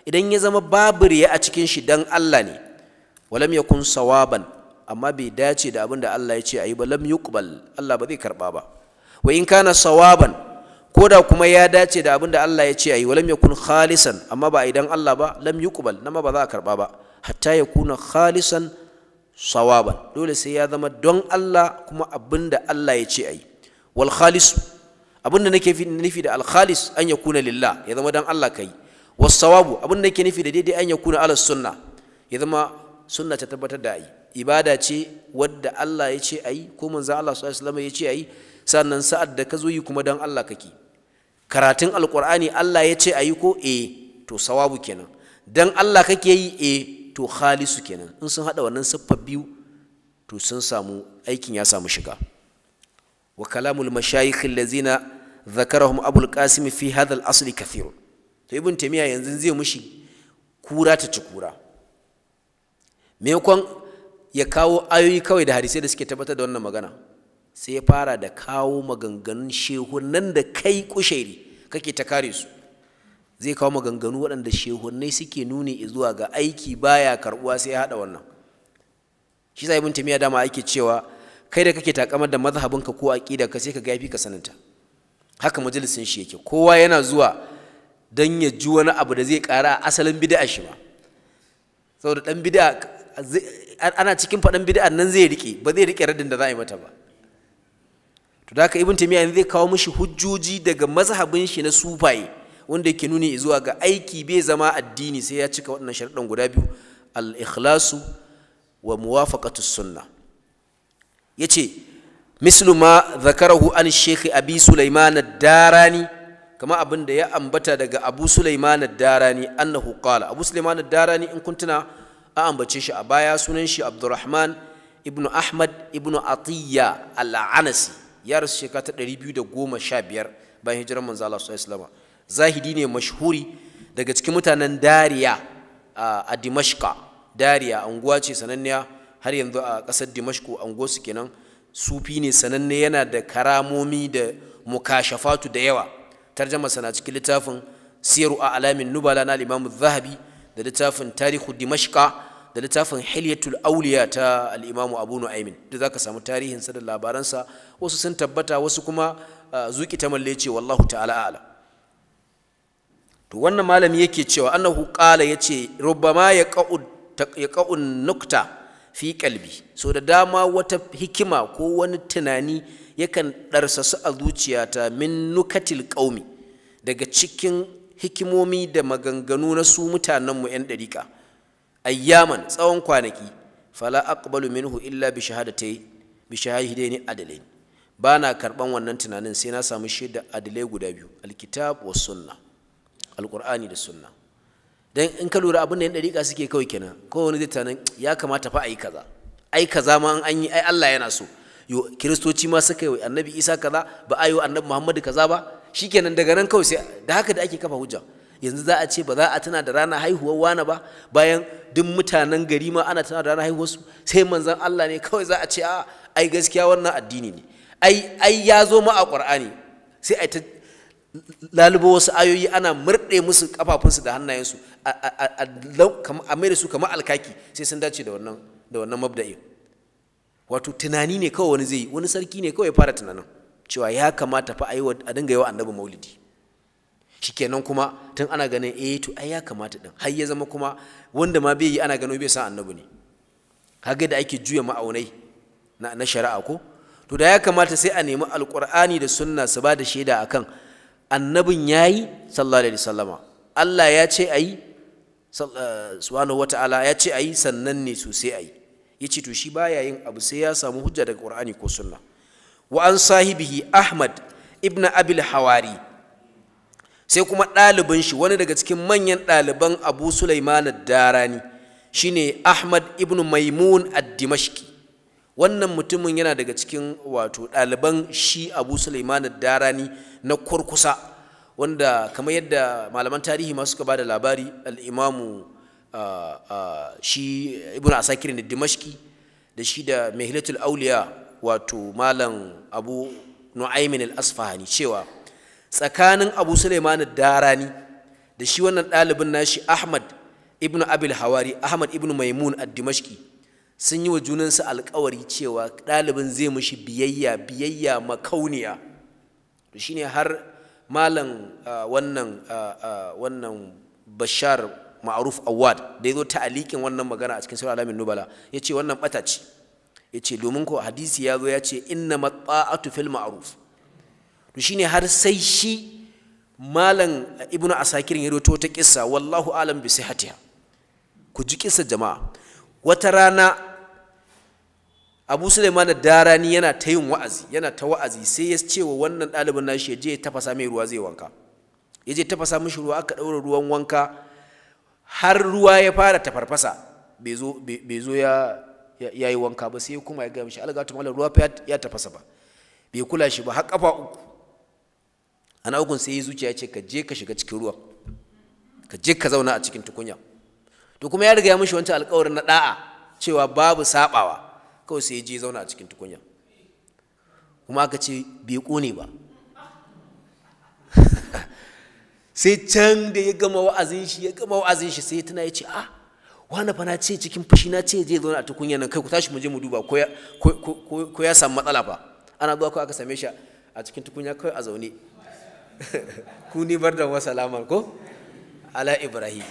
idan ya zama babu riya a cikin shi dan Allah ne walam yakun sawaban amma bai dace da abin da Allah ya ce ayi ba lam yuqbal Allah ba zai karba ba wa in kana sawaban ko da kuma ya dace da abin da Allah ya ce ayi wa lam yakun khalisan amma ba idan Allah ba lam yuqbal nama ba za a karba ba hatta yakuna khalisan sawaban dole sai ya zama don Allah kuma abin da Allah ya ce ayi wal khalis abin da nake nufi da al khalis an yakuna lillah ya zama dan Allah kai was sawabu abin da nake nufi da daidai an yakuna ala sunna ya zama sunna ta tabbatar da ayi ibada ce wadda Allah ya ce ayi ko manzon Allah sallallahu alaihi ya ce ayi sannan sa'ad da ka zo yi kuma dan Allah kake karatun alqur'ani Allah ya ce ayi ko eh to sawabu kenan dan Allah kake yi eh to khalisu kenan in sun haɗa wannan siffa biyu to sun samu aikin ya samu shiga wa kalamul mashayikh allazina dhakarahum abul qasim fi hadha al asl kathir to ibn taymiya yanzu zai mushi kura ta ci kura maimakon ya kawo ayoyi kawai da hadisai da suke tabbatar da wannan magana sai ya fara da kawo maganganun shehunan da kai kushairi kake ta kare su zai kawo maganganu waɗanda shehunai suke nuni zuwa ga aiki baya karɓuwa sai ya haɗa wannan shi sa ibn tamiya dama ake cewa kai da kake takamar da mazhabinka ko ka sai ka ga yafi ka saninta haka majalisin shi yake kowa yana zuwa dan ya ji wani abu da zai ƙara asalin bid'a shi ba saboda dan bid'a ana cikin faɗan bid'an nan zai rike ba zai rike radin da za a yi mata ba to da haka ibn ne zai kawo mishi hujjoji daga mazhabin shi na sufaye wanda yake nuni zuwa ga aiki bai zama addini sai ya cika waɗannan sharuɗan guda biyu al-ikhlasu wa muwafaqatu sunna yace mislu ma zakarahu an shaykh abi sulaiman ad-darani kama abin ya ambata daga abu sulaiman ad-darani annahu qala abu sulaiman ad-darani in kuntuna a ambace shi a baya sunan shi abdurrahman ibnu ahmad ibnu atiyya al ya rasu shekara ta ɗari 215 bayan hijirar manzo Allah sallallahu alaihi zahidi ne mashhuri daga cikin mutanen dariya a dimashqa dariya anguwa ce sananniya har yanzu a ƙasar dimashqo anguwa su kenan sufi ne sananne yana da karamomi da mukashafatu da yawa tarjama sana cikin littafin siyaru a alamin nubala na al zahabi da littafin tarihu dimashqa da littafin hilyatul auliya ta al'imamu abu nu'aimin da za ka samu tarihinsa da labaransa wasu sun tabbata wasu kuma uh, zuki ta malle ce wallahu ta'ala ala to wannan malami yake cewa annahu qala yace rubbama ya yaqa'u nukta fi qalbi so da dama wata hikima ko wani tunani yakan darsasu a zuciyata min nukatil qaumi daga cikin hikimomi da maganganu na su mutanenmu 'yan ɗariƙa ayyaman tsawon kwanaki fala aqbalu minhu illa bi shahadatai bi shahidaini adalain ba na karɓan wannan tunanin sai na samu shaida adalai guda biyu alkitab wa sunna alqur'ani da sunna dan in ka lura abin da 'yan ɗariƙa suke kawai kenan kowane zai tunanin ya kamata fa a yi kaza ai kaza ma an yi ai Allah yana so yo kiristoci ma suka yi annabi Isa kaza ba ayo annabi Muhammadu kaza ba shikenan daga nan kawai sai da haka da ake kafa hujja yanzu za a ce ba za a tana da ranar haihuwar wani ba bayan duk mutanen gari ma ana tana da ranar su sai manzon Allah ne kawai za a ce a ai gaskiya wannan addini ne ai ai ya zo ma a Qur'ani sai ai ta lalubo wasu ayoyi ana murɗe musu kafafunsu da hannayensu a mai da su kamar alkaki sai sun dace da wannan da wannan mabda'in wato tunani ne kawai wani zai yi wani sarki ne kawai ya fara tunanin cewa ya kamata fa a dinga yi wa annabi maulidi shikenan kuma tun ana ganin eh to ai ya kamata din har ya zama kuma wanda ma bai yi ana gano bai san annabi ne kaga da ake juya ma'aunai na, na shari'a ko to da ya kamata sai a nemi alqur'ani da sunna su ba da shaida akan annabin yayi sallallahu alaihi wasallama Allah ya ce ayi eh, subhanahu wata'ala ya ce ayi sannan ne sai ayi yace to shi baya yin abu sai ya samu hujja daga qur'ani ko sunna wa an sahibihi ahmad ibn abil hawari sai kuma ɗalibin shi wani daga cikin manyan ɗaliban abu sulaiman darani shine ahmad ibn maimun ad wannan mutumin yana daga cikin wato ɗaliban shi abu sulaiman darani na kurkusa wanda kamar yadda malaman tarihi ma suka ba da labari al'imamu shi ibn asakir da dimashki da shi da mehilatul auliya wato malam abu nu'aimin al-asfahani cewa tsakanin abu suleiman darani da shi wannan ɗalibin nashi ahmad ibnu abil hawari ahmad ibnu maimun a Dimashki sun yi wa junansu alkawari cewa ɗalibin zai mushi biyayya biyayya makauniya to shine har malam wannan wannan bashar ma'aruf awad da ya zo ta'alikin wannan magana a cikin sura alamin nubala ya ce wannan ɓata ce yace domin ko hadisi ya zo ya ce inna matsa'atu fil ma'ruf to shine har sai shi malam ibnu asakir ya roto ta kissa wallahu alam bi sihatiha ku ji kissa jama'a wata rana Abu Sulaiman da Darani yana ta yin wa'azi yana ta wa'azi sai ya ce wa wannan ɗalibin nashi ya je ya tafasa mai ruwa zai wanka ya je tafasa mishi ruwa aka ɗaura ruwan wanka har ruwa ya fara tafarfasa bai zo ya ya yi wanka ba sai kuma ya gaya mishi algatu malam ruwa fa ya tafasa ba bai kula shi ba har kafa uku ana ugun sai ya zuciya ce ka je ka shiga cikin ruwa ka je ka zauna a cikin tukunya to kuma ya riga ya mishi wancan alƙawarin na da'a cewa babu sabawa kawai sai ya je zauna a cikin tukunya kuma aka ce bai kone ba sai can da ya gama wa'azin shi ya gama wa'azin shi sai tana ya ce ah wani fa na ce cikin fushi na ce zai zauna a tukunya nan kai ku tashi mu je mu duba ko ya ko ya samu matsala fa ana zuwa ko aka same shi a cikin tukunya kai a zaune ku ni bar da wasa lamar ko ala ibrahim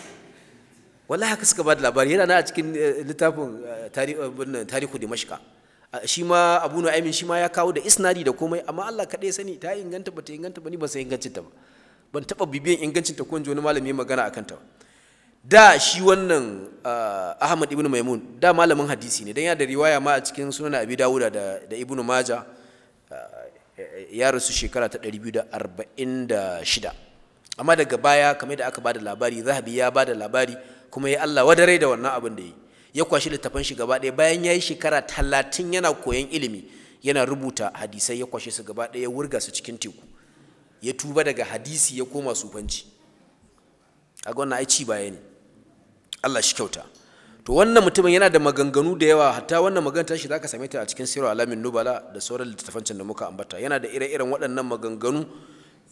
wallahi haka suka ba da labari yana na a cikin eh, littafin eh, eh, tarihu dimashka shi ma abu nu'aymin shi ma ya kawo da isnadi da komai amma Allah kaɗai sani ta inganta ba ta inganta ba ni ba sai ingancinta ta ba ban taɓa bibiyan ingancinta ko wani malami magana akan ta ba da shi wannan ah, Ahmad ibn Maimun da malamin hadisi ne don ya da riwaya ma a cikin sunan Abi Dawuda da Ibn Maja ah, ya rasu shekara ta 246 amma daga baya kamar da aka ba da labari Zahabi ya ba da labari kuma ya Allah wadare da wannan abin da yi ya kwashi littafan shi gaba ɗaya bayan ya yi shekara talatin yana koyan ilimi yana rubuta hadisai ya kwashe su gaba ɗaya ya wurga su cikin teku ya tuba daga hadisi ya koma sufanci a wannan ai ci baya ne Allah shi kyauta to wannan mutumin yana da maganganu da yawa hatta wannan magana shi zaka same ta a cikin sirru alamin nubala da sauran littafancin da muka ambata yana da ire-iren waɗannan maganganu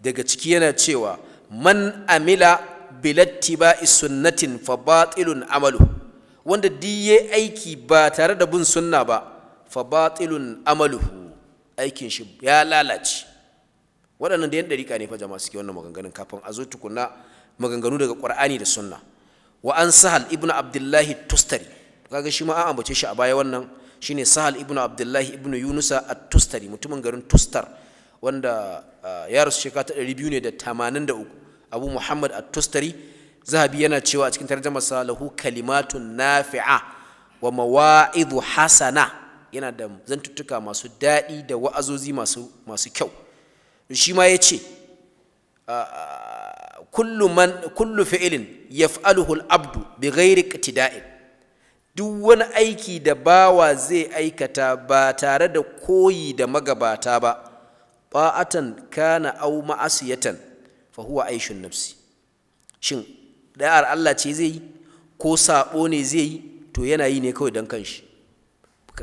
daga ciki yana cewa man amila bilattiba'i sunnatin fa batilun amalu wanda diye aiki ba tare da bin sunna ba fa batilun amaluhu aikin shi ya lalace waɗannan da yan dariƙa ne fa jama'a suke wannan maganganun kafin a zo tukunna maganganu daga ƙur'ani da sunna wa an sahal ibnu abdullahi tustari kaga shi ma an ambace shi a baya wannan shine sahal ibnu abdullahi ibnu yunusa at-tustari mutumin garin tustar wanda ah, ya rasu shekara ta 283 abu muhammad at-tustari zahabi yana cewa a cikin tarjama sa lahu kalimatun nafi'a wa mawa'idhu hasana yana da zantuttuka masu daɗi da wa'azozi masu masu kyau shi ma yace ah, kullu man kullu fi'ilin yaf'aluhu al-abdu bighairi iqtida'in duk wani aiki da bawa zai aikata ba tare da koyi da magabata ba ba'atan kana aw ma'asiyatan fa huwa aishun nafsi shin da'ar Allah ce zai yi ko sabo ne zai yi to yana yi ne kawai dan kanshi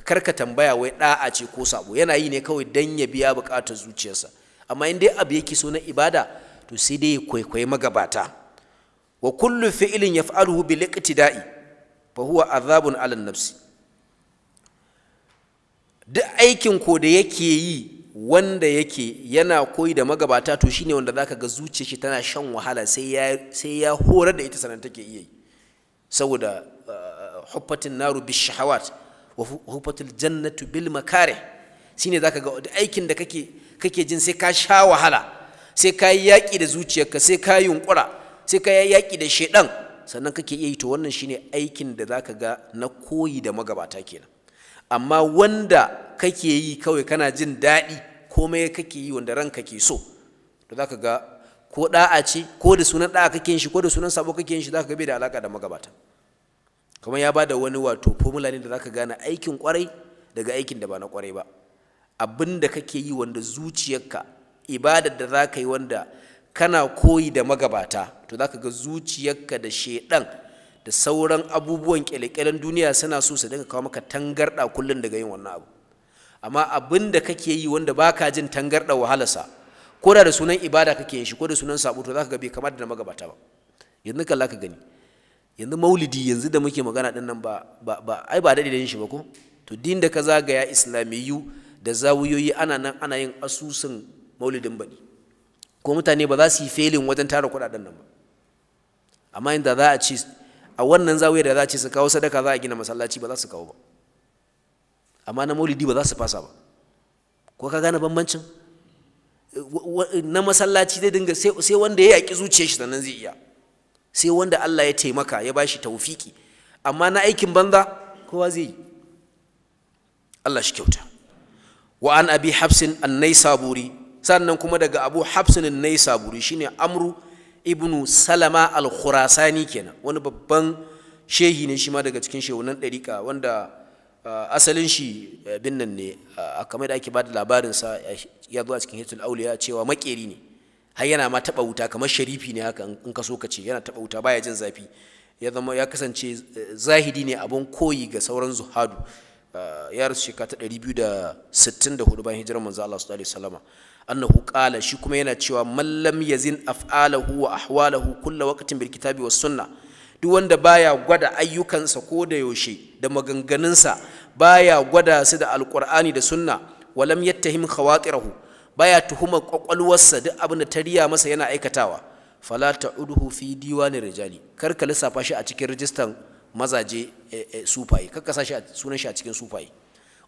karka tambaya wai da'a ce ko sabo yana yi ne kawai dan ya biya bukatar zuciyarsa amma in dai abu yake so na ibada to sai dai kwaikwayi magabata wa kullu fi'lin yaf'aluhu bil iqtida'i fa huwa azabun ala nafsi duk aikin ko da yake yi wanda yake yana koyi da magabata to shine wanda zaka ga zuciyar shi tana shan wahala sai ya horar da ita sanan take iya yi saboda eh, huffatin naru shahawat wa huffatul jannatu bil makare shine zaka ga aikin da kake jin sai ka sha wahala sai ka yi yaƙi da zuciyarka sai ka yunƙura sai ka yi yaƙi da shaiɗan sannan kake iya yi to wannan shine aikin da za ka ga na koyi da magabata kenan amma wanda kake yi kawai kana jin daɗi komai kake yi wanda ranka ke so to za ka ga ko ɗa'a ce ko da sunan ɗa'a kake yin shi ko da sunan sabo kake yin shi ka ga bai da alaƙa da magabata kamar ya bada wani wato formula ne da za ka gane aikin kwarai daga aikin da ba na kwarai ba abinda da kake yi wanda zuciyarka ibadar da za ka yi wanda kana koyi da magabata to za ka ga zuciyarka da shaidan da sauran abubuwan kyalekyalen duniya suna so su dinga kawo maka tangarɗa kullum daga yin wannan abu amma abin da kake yi wanda baka jin tangarɗa wahalarsa ko da sunan ibada kake yin shi ko da sunan sabo to za ka ga bai kamata da magabata ba yanzu kalla ka gani yanzu maulidi yanzu da muke magana din nan ba ba ai ba daɗe da yin shi ba ko to din da ka zagaya islamiyu da zawuyoyi ana nan ana yin asusun maulidin baɗi ko mutane ba za su yi felin wajen tara kuɗaɗen nan ba amma inda za a ce a wannan zawiyar da za a ce su kawo sadaka za a gina masallaci ba za su kawo ba amma na maulidi ba za su fasa ba ko ka gane bambancin na masallaci zai dinga sai wanda ya yaƙi zuciyar shi sannan zai iya sai wanda Allah ya taimaka ya bashi tawfiki amma na aikin banza kowa zai yi Allah shi kyauta wa an abi hafsin annai saburi sannan kuma daga abu hafsin yi saburi shine amru ibnu salama al-khurasani kenan wani babban shehi ne shi ma daga cikin shehunan ɗariƙa wanda asalin shi binnan nan ne a kamar da ake ba da labarinsa ya zuwa a cikin hitul auliya cewa makeri ne har yana ma taɓa wuta kamar sharifi ne haka in ka so ka ce yana taɓa wuta baya jin zafi ya ya kasance eh, zahidi ne abin koyi ga sauran zuhadu Ah, yar rasu shekara ta 264 bayan hijirar manzo Allah sallallahu alaihi wasallam annahu qala shi kuma yana cewa mallam yazin af'alahu wa ahwalahu kulla waqtin bil kitabi was sunna duk wanda baya gwada ayyukansa ko da yaushe da maganganunsa baya gwada su da alqur'ani da sunna walam yattahim khawatirahu baya tuhuma kwakwalwarsa duk abin da ta riya masa yana aikatawa fala ta'uduhu fi diwani rijali kar ka lissafa shi a cikin rijistan mazaje eh, eh, sufaye kakka a sunan shi a cikin sufaye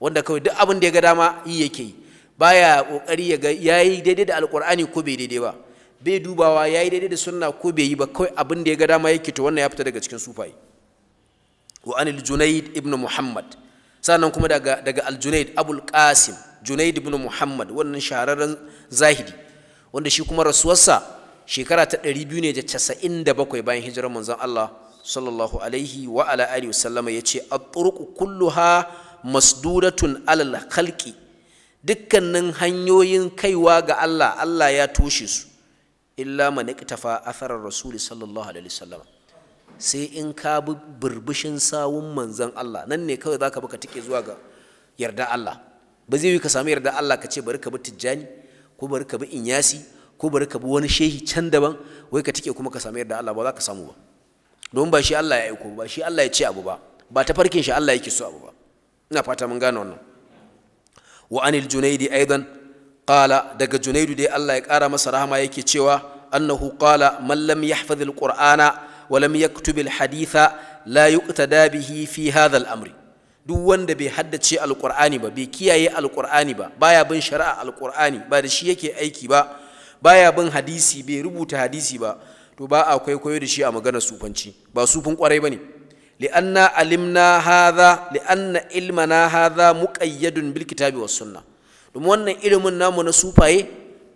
wanda kawai duk abin da ya ga dama yi yake yi baya kokari ya ga yayi daidai da alqur'ani ko bai daidai ba bai dubawa yayi daidai da sunna ko bai yi ba kawai abin da ya ga dama yake to wannan ya fita daga cikin sufaye wa anil junayd ibn muhammad sannan kuma daga daga al junayd abul qasim junayd ibn muhammad wannan shahararren zahidi wanda shi kuma rasuwarsa shekara ta 297 bayan hijirar manzon Allah sallallahu alaihi wa ala alihi wasallama yace at-turuq kulluha masdudatun al khalqi dukkanin hanyoyin kaiwa ga Allah Allah ya toshe su illa man iktafa ar rasul sallallahu alaihi wasallama sai in ka bi burbushin sawun manzon Allah nan ne kawai zaka bi ka tike zuwa ga yarda Allah ba zai yi ka samu yarda Allah ka ce bari ka bi tijjani ko bari ka bi inyasi ko bari ka bi wani shehi can daban wai ka tike kuma ka samu yarda Allah ba za ka samu ba domin ba shi Allah ya aiko ba shi Allah ya ce abu ba ba ta farkin shi Allah yake so abu ba ina fata mun gane wannan wa anil junaidi aidan qala daga junaidu dai Allah ya kara masa rahama yake cewa annahu qala man lam yahfaz alqur'ana wa lam yaktub alhaditha la yuqtada bihi fi hadha amri duk wanda bai haddace alqur'ani ba bai kiyaye alqur'ani ba baya bin shari'a alqur'ani ba da shi yake aiki ba baya bin hadisi bai rubuta hadisi ba to ba a kwaikwayo da shi a maganar sufanci ba sufin kwarai bane li'anna alimna haza li'anna ilmana haza muƙayyadun bil kitabi was sunna domin wannan ilimin namu na sufaye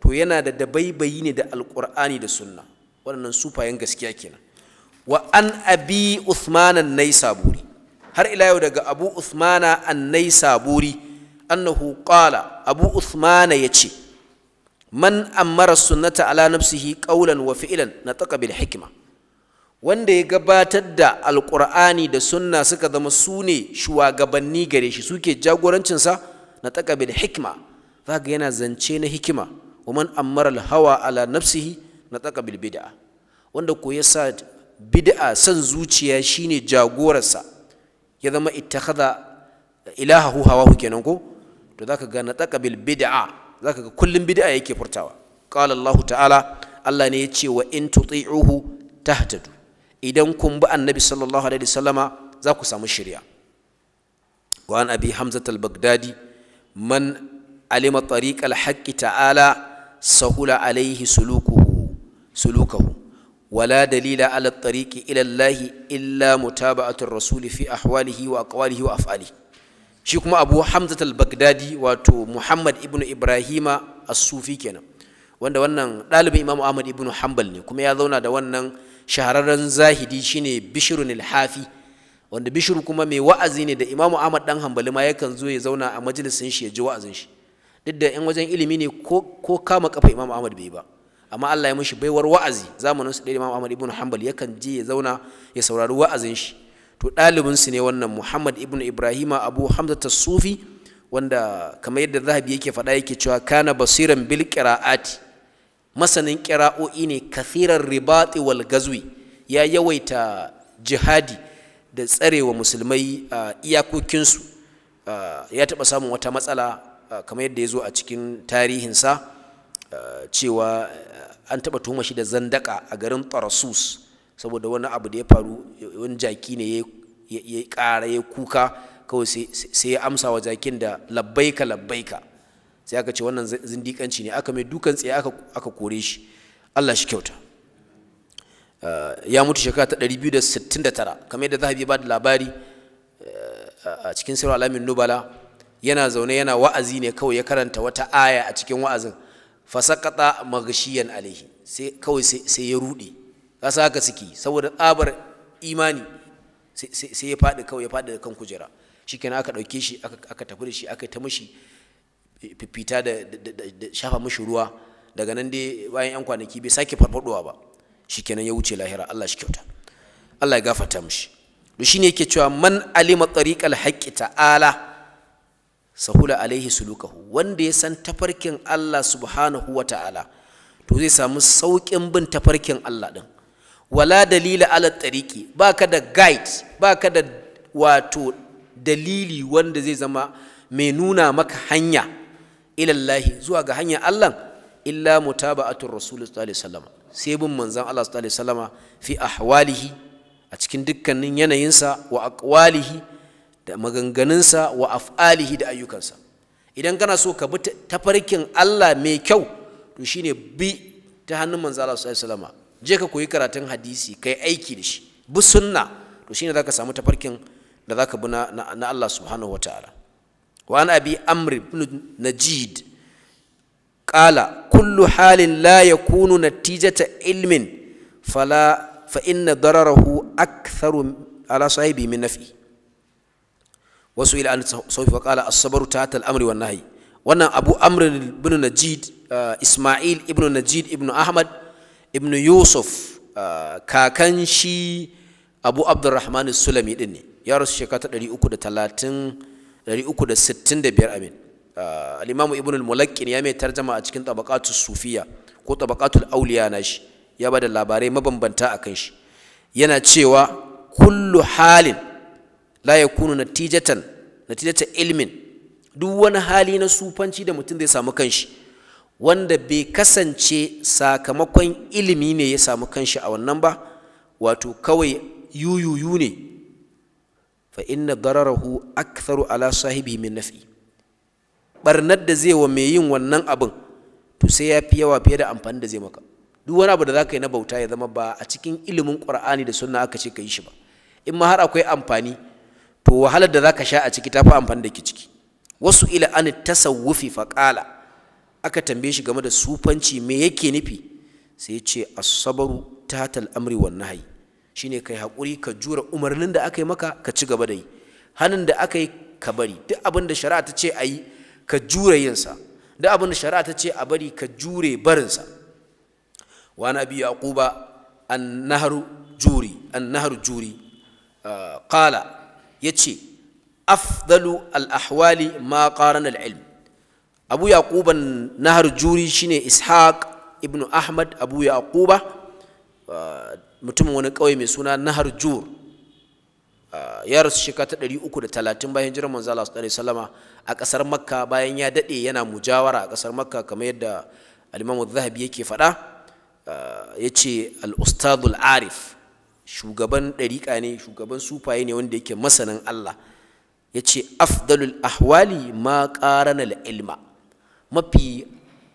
to yana da dabaibayi ne da alqur'ani da sunna waɗannan sufayen gaskiya kenan wa an abi usmanan an-naisaburi har ila yau daga abu usmana an-naisaburi annahu qala abu ya ce. man ammara sunnata ala nafsihi qawlan wa fi'lan nataqa bil hikma wanda ya gabatar da alqur'ani da sunna suka zama sune shugabanni gare shi suke jagorancin sa nataqa bil hikma zaka yana zance na hikima wa man ammara al hawa ala nafsihi nataqa bil bid'a wanda ko yasa bid'a san zuciya shine jagorarsa ya zama ittakhadha ilahahu hawahu kenan ko to zaka ga nataqa bil bid'a zaka ga kullum bid'a yake furtawa qala Allah ta'ala Allah ne ya ce wa in tuti'uhu tahtadu idan kun bi annabi sallallahu alaihi wasallama za ku samu shirya wa an abi hamzat al-baghdadi man alima tariq al-haqq ta'ala sahula alaihi sulukuhu sulukahu ولا دليل على الطريق إلى الله إلا متابعة الرسول في أحواله وأقواله وأفعاله shi kuma abu hamzat al wato muhammad ibnu ibrahima asufi kenan wanda wannan dalibin imam ahmad ibnu hambal ne kuma ya zauna da wannan shahararren zahidi shine bishrun al-hafi wanda bishru kuma mai wa'azi ne da imam ahmad dan hanbali ma yakan zo ya zauna a majalisin shi ya ji wa'azin shi duk da yan wajen ilimi ne ko kama kafa imam ahmad bai ba amma Allah ya mishi baiwar wa'azi zamanin su da imam ahmad ibnu hanbal yakan je ya zauna ya saurari wa'azin shi to ɗalibinsu ne wannan muhammad ibn ibrahima abu hamza sufi wanda kamar yadda zahabi yake faɗa yake cewa kana basiran bil qira'ati masanin qira'o'i ne kathirar ribati wal gazwi ya yawaita jihadi da tsarewa musulmai a iyakokinsu ya taɓa samun wata matsala kamar yadda ya zo a cikin tarihinsa cewa an taɓa tuhuma shi da zandaka a garin tarasus saboda wani abu da ya faru wani jaki ne ya ƙara ya kuka kawai sai ya amsa wa jakin da labbaika labbaika sai aka ce wannan zindikanci ne aka mai dukan tsaye aka kore shi Allah shi kyauta eh, ya mutu shekara ta 269 kamar yadda zahabi ba da labari eh, a cikin sirri alamin nubala yana zaune yana wa'azi ne kawai ya karanta wata aya a cikin wa'azin fasakata magashiyan alaihi sai kawai sai ya rude kasa haka suke saboda tsabar imani sai ya faɗi kawai ya faɗi da kan kujera kenan aka ɗauke shi aka tafi da shi aka ta mashi fifita da shafa mashi ruwa daga nan dai bayan yan kwanaki bai sake farfadowa ba kenan ya wuce lahira Allah shi kyauta Allah ya gafarta mishi to shine yake cewa man alima tariqal haqqi ta'ala sahula alaihi sulukahu wanda ya san tafarkin Allah subhanahu wa ta'ala to zai samu saukin bin tafarkin Allah din. wala dalila ala tariki baka da guide baka da wato dalili wanda zai zama mai nuna maka hanya ilallahi zuwa ga hanyar Allah illa mutaba'atur rasul sallallahu alaihi wasallam sai bin manzon Allah sallallahu alaihi wasallam fi ahwalihi a cikin dukkanin yanayinsa wa aqwalihi da maganganunsa wa af'alihi da ayyukansa idan kana so ka bi tafarkin Allah mai kyau to shine bi ta hannun manzon Allah sallallahu alaihi wasallam je ka koyi karatun hadisi kai aiki da shi bi sunna to shine zaka samu tafarkin da zaka bi na, na Allah subhanahu wataala wa an abi amr ibn najid qala kullu halin la yakunu natijata ilmin fala fa inna dararahu aktharu ala sahibi min nafi wasu ila an saufi wa qala as-sabru ta'ata al-amri wan nahyi wannan abu amr ibn najid uh, isma'il ibn najid ibn ahmad ibnu yusuf ah, kakan shi abu abdurrahman sulami din ne ya rasu shekara ta 365 amin al ibn al ya mai tarjama a cikin tabaqatus sufiya ko tabaqatul Auliya na shi ya bada labarai mabambanta a kan shi yana cewa kullu halin la kunu natijatan natijatan ilmin duk wani hali na sufanci da mutum zai samu kan shi. wanda bai kasance sakamakon ilimi ne ya samu kanshi a wannan ba wato kawai yuyuyu ne fa inna dararahu aktharu ala sahibi min nafi barnar da zai wa mai yin wannan abin to sai ya fi yawa fiye da amfani da zai maka duk wani abu da za ka yi na bauta ya zama ba a cikin ilimin ƙur'ani da sunna aka ce ka yi shi ba in ma har akwai amfani to wahalar da za ka sha a ciki ta fi amfani da ke ciki wasu ila an tasawufi faƙala aka tambaye shi game da sufanci me yake nufi sai ce asabaru tatal al'amri wan nahyi shine kai hakuri ka jura umarnin da aka yi maka ka ci gaba da yi hanin da aka yi ka bari duk abin da shari'a ta ce a yi ka jure yin sa duk abin da shari'a ta ce a bari ka jure barin sa wa nabi yaquba an-nahru juri an-nahru juri ah, qala yace afdalu al-ahwali ma qarana al-ilm abu yaquban nahar juri shine ishaq ibnu ahmad abu yaquba uh, mutumin wani kauye mai suna nahar jur uh, ya rasu shekara ta ɗari uku da bayan hijirar manzo Allah sallallahu alaihi a kasar makka bayan ya dade yana mujawara a kasar makka kamar yadda al-imam zahabi yake faɗa uh, yace al al arif shugaban dariqa ne shugaban sufaye ne wanda yake masanin Allah yace afdalul ahwali ma qarana ilma mafi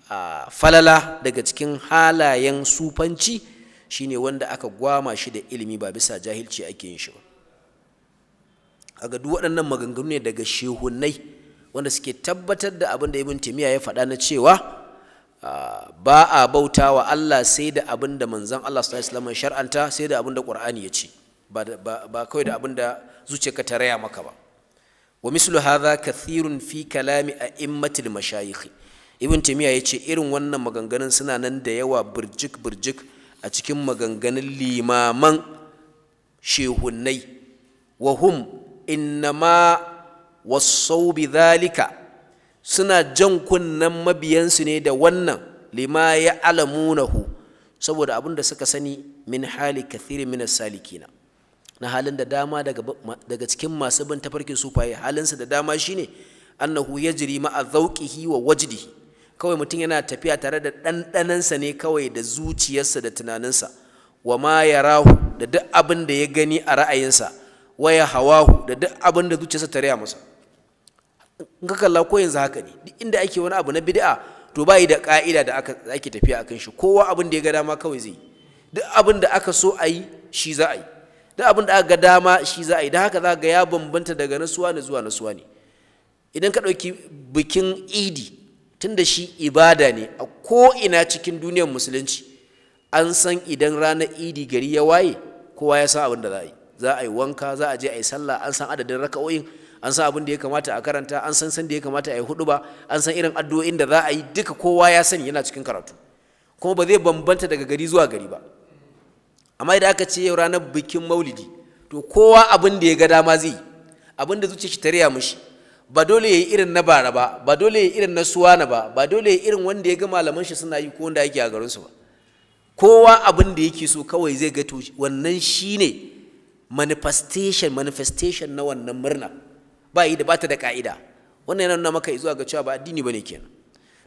ah, falala daga cikin halayen sufanci shine wanda aka gwama shi da ilimi ba bisa jahilci ake yin shi ba kaga duk waɗannan maganganu ne daga shehunai wanda suke tabbatar da abin da ibn timiya ya faɗa na cewa ah, ba a bauta wa Allah sai da abin da manzon Allah sallallahu alaihi shar'anta sai da abin da Qur'ani ya ce ba kawai da abin da zuciyarka ta raya maka ba wa mislu hadha kathirun fi kalami a'immatil mashayikh ibn taymiya ya ce irin wannan maganganun suna nan da yawa burjik burjik a cikin maganganun limaman shehunnai wa hum innama wasau bi dhalika suna jan kunnen mabiyansu ne da wannan lima ya alamunahu saboda abin da suka sani min hali kathiri min salikina na halin da dama daga cikin masu bin tafarkin sufaye halinsa da dama shine annahu yajri ma'a dhauqihi wa wajdihi kawai mutum yana tafiya tare da ɗanɗanansa ne kawai da zuciyarsa da tunaninsa wa ma ya rahu da duk abin da ya gani a ra'ayinsa wa ya hawahu da duk abin da zuciyarsa tare raya masa in ka kalla ko yanzu haka ne duk inda ake wani abu na bid'a to bayi da ka'ida da ake tafiya akan shi kowa abin da ya ga dama kawai zai duk abin da aka so a yi shi za a yi duk abin da aka ga dama shi za a yi don haka za ga ya bambanta daga nasuwa na zuwa nasuwa ne idan ka ɗauki bikin idi Tun da shi ibada ne a ko'ina cikin duniyar musulunci an san idan ranar idi gari ya waye kowa ya san abin da za a yi za a yi wanka za a je a yi sallah an san adadin raka'o'in an san abin da ya kamata a karanta an san san da ya kamata a yi hudu ba an san irin addu'o'in da za a yi duka kowa ya sani yana cikin karatu kuma ba zai bambanta daga gari zuwa gari ba amma idan aka ce yau ranar bikin maulidi to kowa abin da ya ga dama zai yi abin da zuciya shi tare ya mishi ba dole ya yi irin na bara ba ba dole ya yi irin na suwana ba ba dole ya yi irin wanda ya ga malaman shi suna yi ko wanda yake a garinsu ba kowa abin da yake so kawai zai ga to wannan shine manifestation manifestation na wannan murna ba yi da ba ta da ka'ida wannan yana nuna maka zuwa ga cewa ba addini bane kenan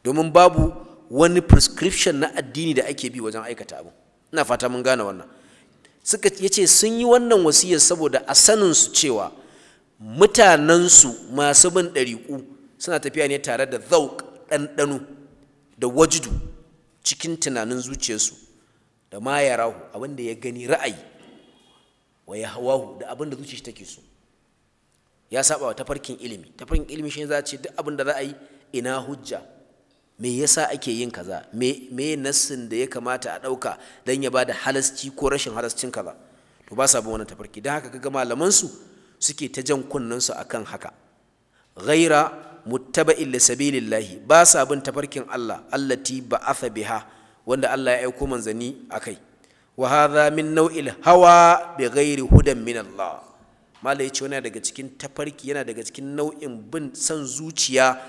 domin babu wani prescription na addini da ake bi wajen aikata abu ina fata mun gane wannan suka yace sun yi wannan wasiyar saboda a sanin su cewa mutanensu masu bin ɗariƙu suna tafiya ne tare da zauk ɗanɗano da wajidu cikin tunanin zuciyarsu da ma ya rahu abin da ya gani ra'ayi wa ya hawahu da abin da take so ya saba wa tafarkin ilimi tafarkin ilimi shi za a ce duk abin da yi ina hujja me yasa ake yin kaza me me nassin da ya kamata a ɗauka don ya ba da halasci ko rashin halascin kaza to ba sa bin wannan tafarki don haka ka malaman su suke ta jan kunnensu a kan haka ghaira muttaba'in sabilillahi ba sa bin tafarkin Allah allati ba'atha biha wanda Allah ya aiko manzanni akai wa hadha min nau'il hawa bi ghairi hudan min Allah malai yace yana daga cikin tafarki yana daga cikin nau'in bin san zuciya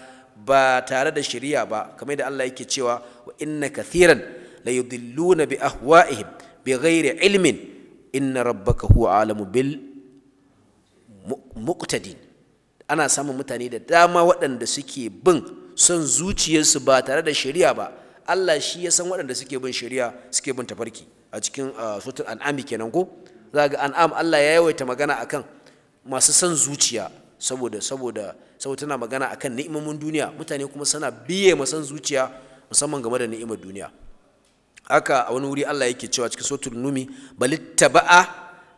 ba tare da shari'a ba kamar da Allah yake cewa wa inna kathiran la yudilluna bi ahwa'ihim bi ghairi ilmin inna rabbaka huwa alamu bil muktadi ana samun mutane da dama waɗanda suke bin son zuciyarsu ba tare da shari'a ba Allah shi ya san waɗanda suke bin shari'a suke bin tafarki a cikin suratul an'ami kenan ko za ga an'am Allah ya yawaita magana akan masu son zuciya saboda saboda saboda tana magana akan ni'imomin duniya mutane kuma suna biye ma son zuciya musamman game da ni'imar duniya haka a wani wuri Allah yake cewa cikin suratul numi balittaba'a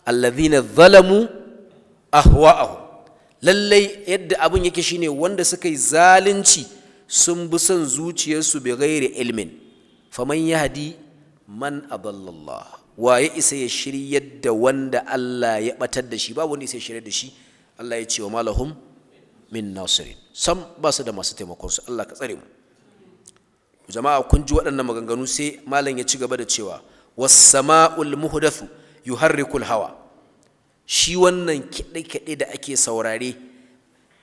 alladhina zalamu ahwa'ahu lallai yadda abin yake shine wanda suka yi zalunci sun bi son zuciyarsu bi ghairi ilmin faman yahdi man adallallah wa ya isa ya shiryar da wanda Allah ya batar da shi ba wanda isa ya shiryar da shi Allah ya ce wa malahum min nasirin sam ba su da masu taimakon su Allah ka tsare mu jama'a kun ji waɗannan maganganu sai malam ya ci gaba da cewa was sama'ul muhdathu yuharrikul hawa shi wannan kiɗe-kiɗe da ake saurare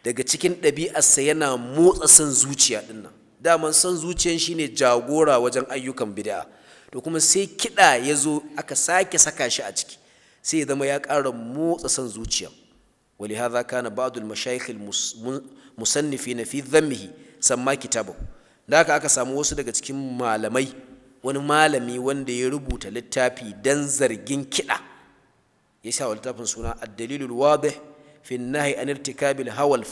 daga cikin ɗabi'arsa yana motsa son zuciya ɗin nan daman son zuciyan shine jagora wajen ayyukan bid'a to kuma sai kiɗa ya zo aka sake saka shi a ciki sai ya zama ya ƙara motsa son zuciya wali ولهذا كان بعض musannifi na fi ذمه samma kitabu da haka aka samu wasu daga cikin malamai wani malami wanda ya rubuta littafi dan zargin kiɗa ya sa suna a dalilul wadih fi an an irtikabil hawa al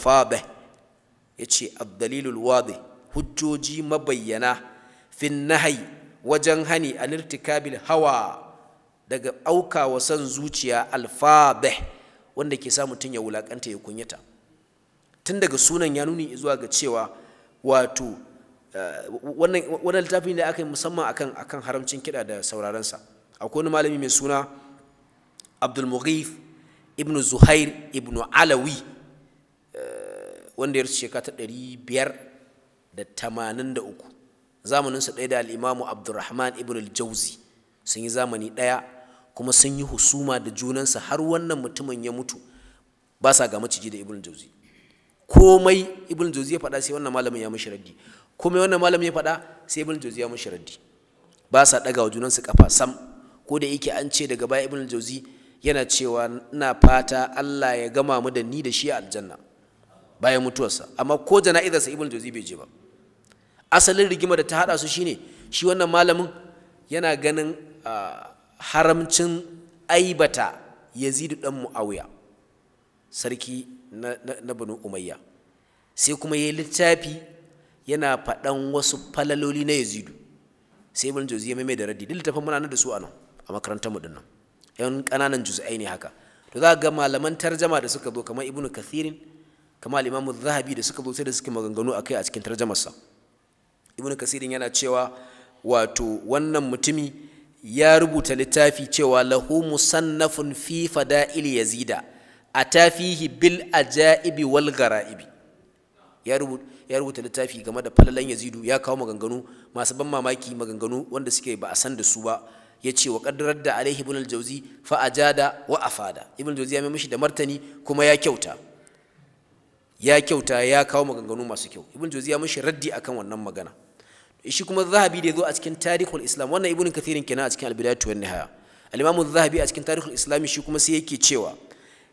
yace a dalilul wadih hujjoji mabayyana fi an wajen hani an irtikabil hawa daga auka wa san zuciya alfabe wanda ke sa mutun ya wulakanta ya kunyata tun daga sunan ya nuni zuwa ga cewa wato wannan littafin da aka yi musamman akan haramcin kiɗa da saurarensa akwai wani malami mai suna abdulmughif ibn zuhair ibn alawi eh, wanda ya rasu shekara ta ɗari biyar da tamanin da uku zamaninsa ɗaya da al'imamu Abdulrahman ibn al-jauzi sun yi zamani ɗaya kuma sun yi husuma da junansa har wannan mutumin ya mutu ba sa ga maciji da ibn al-jauzi komai ibn al-jauzi ya faɗa sai wannan malamin ya mishi raddi komai wannan malamin ya faɗa sai ibn al-jauzi ya mishi raddi ba sa ɗaga wa junansa kafa sam ko da yake an ce daga baya ibn al-jauzi yana cewa ina fata Allah ya gama mu da ni da shi a aljanna bayan mutuwarsa amma ko jana'izarsa ibn jauzi bai je ba asalin rigima da ta hada su shine shi wannan malamin yana ganin haramcin aibata yazidu dan muawiya sarki na, banu umayya sai kuma ya littafi yana faɗan wasu falaloli na yazidu sai ibn jauzi ya mai da raddi duk littafin muna nan da su a nan a makarantar mu dinnan yan ƙananan juz'ai ne haka to za ga malaman tarjama da suka zo kamar ibnu kathirin kamar imamu zahabi da suka zo sai da suke maganganu akai a cikin tarjamarsa ibnu kathirin yana cewa wato wannan mutumi ya rubuta littafi cewa lahu musannafun fi fada'il yazida atafihi bil ajaibi wal garaibi ya rubuta ya rubuta littafi game da falalan yazidu ya kawo maganganu masu ban mamaki maganganu wanda suke ba a san da su ba ya ce wa ƙaddarar da alaihi ibn al-jauzi fa ajada wa afada ibn al-jauzi ya mishi da martani kuma ya kyauta ya kyauta ya kawo maganganu masu kyau ibn al-jauzi ya mishi raddi akan wannan magana shi kuma zahabi da ya zo a cikin tarihul islam wannan ibn kathirin kenan a cikin al-bidayatu wan nihaya al-imamu zahabi a cikin tarihul islam shi kuma sai yake cewa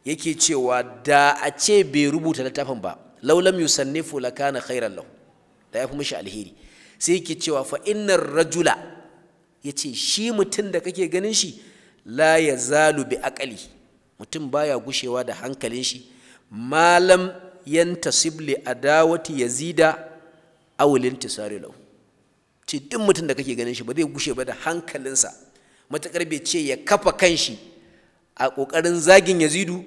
yake cewa da a ce bai rubuta littafin ba law lam yusannifu lakana khairan lahu da ya fi mishi alheri sai yake cewa fa innar rajula ya ce shi mutum da kake ganin shi la ya zalu bi akali mutum baya gushewa da hankalin shi malam yantasib li adawati yazida aw lintisari lahu ce duk mutum da kake ganin shi ba zai gushe ba da hankalinsa matakar bai ce ya kafa kanshi a kokarin zagin yazidu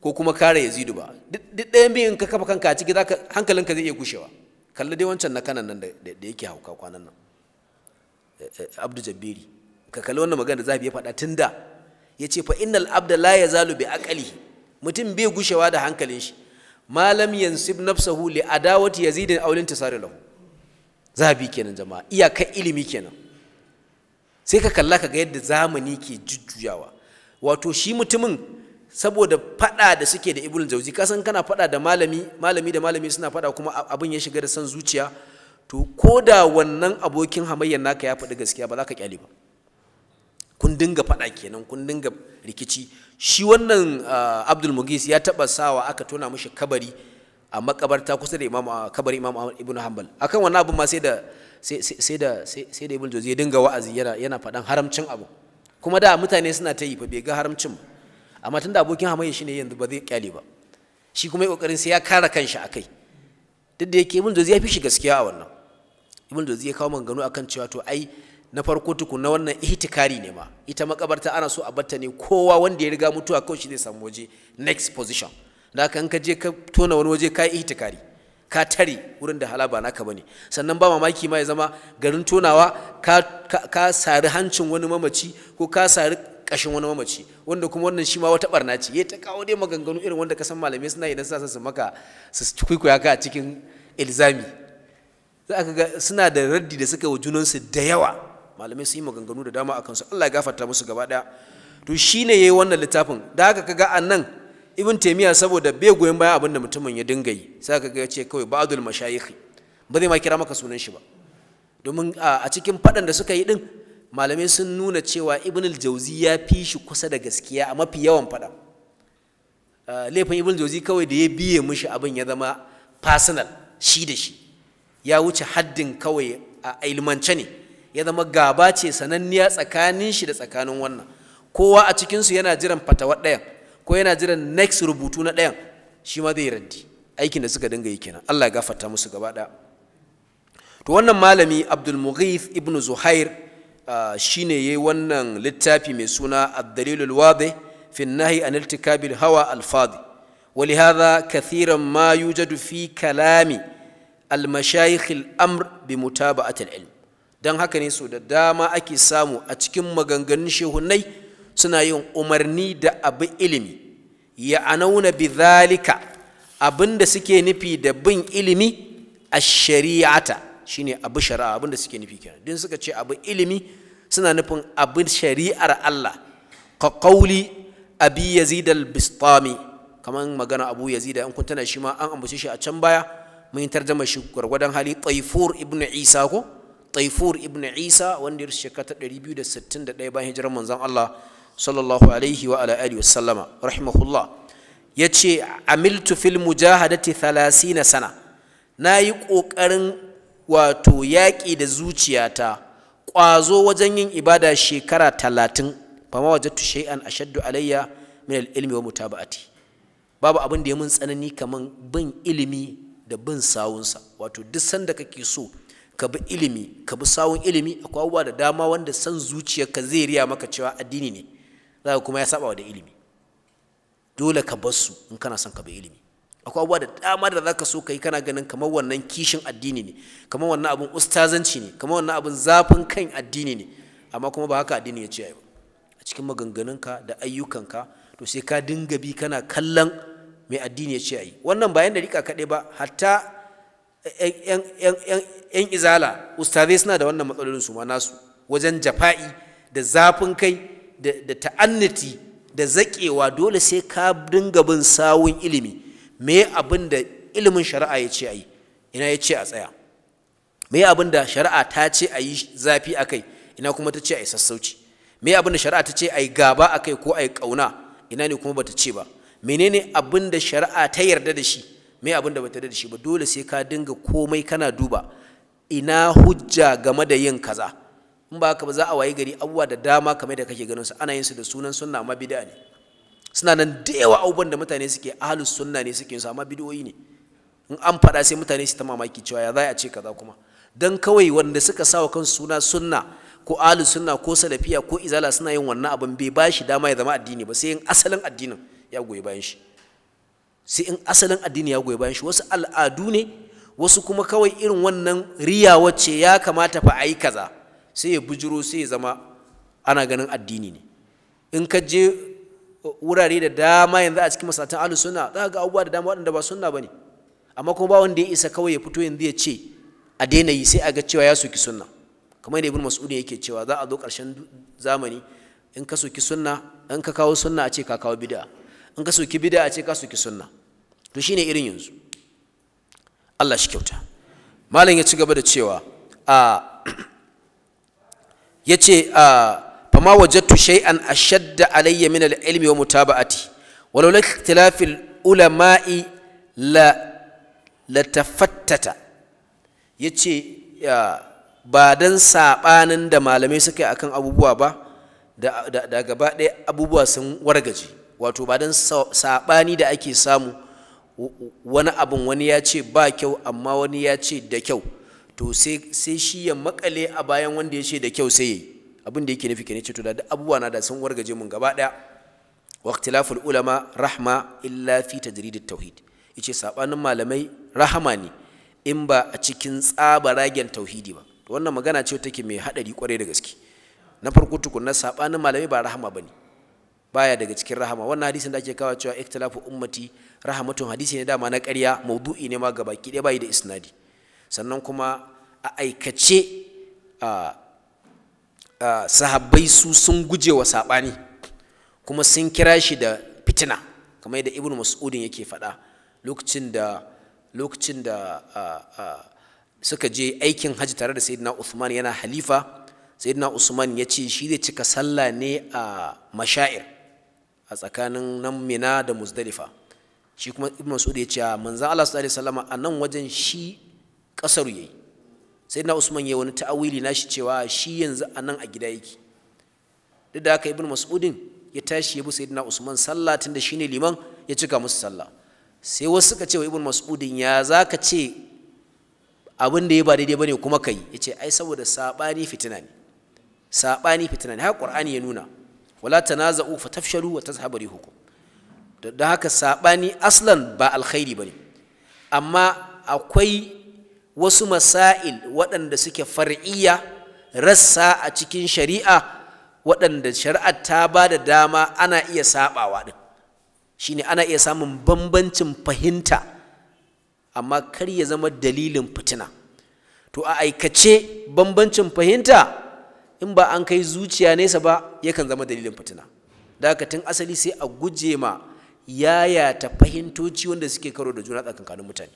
ko kuma kare yazidu ba duk ɗayan biyun ka kafa kanka a ciki hankalinka zai iya gushewa kalli dai wancan na kanan nan da yake hauka kwanan nan abdu jabiri ka kalli wannan magana da zahabi ya faɗa tun da ya ce fa innal abda la zalu bi aqlihi mutum bai gushewa da hankalin shi malam yansib nafsahu li adawati yazidin aw tasari lahu zahabi kenan jama'a iyakar ilimi kenan sai ka kalla ka ga yadda zamani ke jujjuyawa wato shi mutumin saboda fada da suke da ibulun jauzi kasan kana fada da malami malami da malami suna fada kuma abin ya shiga da san zuciya to ko da wannan abokin hamayyar naka ya faɗi gaskiya ba za ka ƙyale ba kun dinga faɗa kenan kun dinga rikici shi wannan ah, abdul mugis ya taɓa sawa aka tona mishi kabari a makabarta kusa da imam ah, kabari imam ibnu hanbal akan wannan abin ma sai da sai da sai da ibn ya dinga wa'azi yana yana faɗan haramcin abu kuma da mutane suna ta yi fa bai ga haramcin ba amma tunda abokin hamayya shine yanzu ba zai kyale ba shi kuma yi kokarin sai ya kare kanshi akai duk da yake ibn jauzi ya fi shi gaskiya a wannan ibn jauzi ya kawo maganganu akan cewa to ai na farko tukuna na wannan ihtikari ne ma ita makabarta ana so a batta ne kowa wanda ya riga mutuwa kawai shi zai samu waje next position da haka ka je ka tona wani waje ka yi ihtikari ka tare wurin da halaba naka bane sannan ba mamaki ma ya zama garin tonawa ka ka sari hancin wani mamaci ko ka sari kashin wani mamaci wanda kuma wannan shi ma wata barna ce ya ta kawo dai maganganu irin wanda kasan malamai suna idan suna su maka su kwaikwaya ka a cikin ilzami za ka ga suna da raddi da suka wa junansu da yawa malamai sun yi maganganu da dama a kansu Allah ya gafarta musu gaba ɗaya to shi ne ya yi wannan littafin da haka ka ga a nan ibn taimiya saboda bai goyon bayan abin da mutumin ya dinga yi sai ga ya ce kawai ba'dul mashayikh ba zai ma kira maka sunan shi ba domin a cikin fadan da suka yi din malamai sun nuna cewa ibn jauzi ya fi shi kusa da gaskiya a mafi yawan faɗa eh, laifin ibn jauzi kawai da ya biye mushi abin ya zama personal shi da shi ya wuce haddin kawai a ilmance ne ya zama gaba ce sananniya tsakanin shi da tsakanin wannan kowa a cikinsu yana jiran fatawa ɗayan ko yana jiran next rubutu na ɗayan shi ma zai raddi aikin da suka dinga yi kenan Allah ya gafarta musu gaba ɗaya to wannan malami Abdul Mughith ibn Zuhair shine yayi wannan littafi mai suna ad-dalilul wadih fi an-nahy an iltikabil hawa al-fadhi ولهذا كثيرا ما يوجد في كلام المشايخ الأمر بمتابعة العلم don haka ne so da dama ake samu a cikin maganganun shehunai suna yin umarni da abu ilimi ya anauna bidhalika abinda suke nufi da bin ilimi a shari'ata ne abu shari'a abin da suke nufi kenan din suka ce abu ilimi suna nufin abu shari'ar Allah ka qauli abi yazid al-bistami kaman magana abu yazid an kun tana shi ma an ambace shi a can baya mun tarjama shi gwargwadon hali taifur ibnu isa ko taifur ibnu isa wanda ya shekara ta 261 bayan hijirar manzon Allah sallallahu alaihi wa ala alihi wasallama rahimahullah yace amiltu fil mujahadati 30 sana nayi kokarin wato yaƙi da zuciyata ƙwazo wajen yin ibada shekara talatin ba ma tu shay'an ashaddu alayya min al-ilmi wa mutaba'ati babu abin da ya mun tsanani kaman bin ilimi da bin sawunsa wato duk sanda kake so ka bi ilimi ka bi sawun ilimi akwai abubuwa da dama wanda san zuciyarka zai riya maka cewa addini ne za kuma ya saba da ilimi dole ka bar su in kana son ka bi ilimi akwai abubuwa da dama da zaka so ka kai kana ganin kamar wannan kishin addini ne kamar wannan abun ustazanci ne kamar wannan abun zafin kan addini ne amma kuma ba haka addini ya ce ba a cikin maganganunka da ayyukanka to sai ka dinga bi kana kallon mai addini ya ce ayi wannan ba yanda rika kaɗai ba hatta yan izala ustazai suna da wannan matsalolin su ma nasu wajen jafa'i da zafin kai da ta'annati da zaƙewa dole sai ka dinga bin sawun ilimi me abin da ilimin shari'a ya ce a yi ina ya ce a tsaya me abin da shari'a ta ce a yi zafi a kai ina kuma ta ce a yi sassauci me abin da shari'a ta ce a yi gaba a kai ko a yi ƙauna ina ne kuma bata ce ba menene abin da shari'a ta yarda da shi me abin da bata yarda da shi ba dole sai ka dinga komai kana duba ina hujja game da yin kaza in ba haka ba za a wayi gari abubuwa da dama kamar da kake ganin su ana yin su da sunan sunna amma bid'a ne suna nan da yawa abubuwan da mutane suke ahalus sunna ne suke su amma bidiyoyi ne in an faɗa sai mutane su ta mamaki cewa ya za a ce kaza kuma dan kawai wanda suka sawa kan suna sunna ko ahalus sunna ko salafiya ko izala suna yin wannan abin bai ba shi dama ya zama addini ba sai in asalin addinin ya goyi bayan shi sai in asalin addini ya goyi bayan shi wasu al'adu ne wasu kuma kawai irin wannan riya wacce ya kamata fa a yi kaza sai ya bujiro sai ya zama ana ganin addini ne in ka je wurare da dama yanzu a cikin masallatan ahlus sunna za ga abubuwa da dama waɗanda ba sunna bane amma kuma ba wanda ya isa kawai ya fito yanzu ya ce a daina yi sai a ga cewa ya soki sunna kamar yadda ibn mas'ud yake cewa za a zo ƙarshen zamani in ka soki sunna in ka kawo sunna a ce ka kawo bid'a in ka soki bid'a a ce ka soki sunna to shine irin yanzu Allah shi kyauta malam ya ci gaba da cewa a yace a fama waje kuntu shay'an ashadda alayya min al-ilmi wa mutaba'ati walau la ikhtilaf al-ulama'i la la tafattata yace ba dan sabanin da malamai suka yi akan abubuwa ba da da gaba ɗaya abubuwa sun wargaje wato ba dan sabani da ake samu wani abun wani ya ce ba kyau amma wani ya ce da kyau to sai shi ya makale a bayan wanda ya ce da kyau sai ya abin da yake nufi ne ce to da abubuwa na da sun wargaje mun gaba daya waqtilaful ulama rahma illa fi tajridit tauhid yace sabanin malamai rahama ne in ba a cikin tsaba ragen tauhidi ba to wannan magana ce take mai hadari kwarai da gaske na farko tukunna sabanin malamai ba rahama bane baya daga cikin rahama wannan hadisin da ake kawo cewa ikhtilafu ummati rahamatun hadisi ne dama na ƙarya maudu'i ne ma gabaki ɗaya bai da isnadi sannan kuma a aikace a sahabbai su sun guje wa saɓani kuma sun kira shi da fitina kamar da ibnu mas'udin yake faɗa lokacin da lokacin da suka je aikin hajji tare da sayyidina Usman yana halifa sayyidina Usman ya ce shi zai cika sallah ne a mashair a tsakanin nan Mina da Muzdalifa shi kuma Ibn Mas'ud ya ce manzon Allah sallallahu alaihi wasallam a nan wajen shi kasaru yayi sai na usman ya wani ta'awili na shi cewa shi yanzu a nan a gida yake duk da haka ibn mas'udin ya tashi ya bi na usman sallah tunda ne liman ya cika musu sallah sai wasu suka ce wa ibn mas'udin ya za ka ce abin da ya ba daidai bane kuma kai ya ce ai saboda sabani fitina ne sabani fitina ne haka qur'ani ya nuna wala tanaza'u tafshalu wa tazhabu rihukum da haka sabani aslan ba alkhairi bane amma akwai wasu masail waɗanda suke far'iyya rassa a cikin shari'a waɗanda shari'a ta ba da dama ana iya saɓawa ɗin ne ana iya samun bambancin fahimta amma kar ya zama dalilin fitina to a aikace bambancin fahimta in ba an kai zuciya nesa ba yakan zama dalilin fitina da asali sai a guje ma yayata fahimtoci wanda suke karo da juna tsakankanin mutane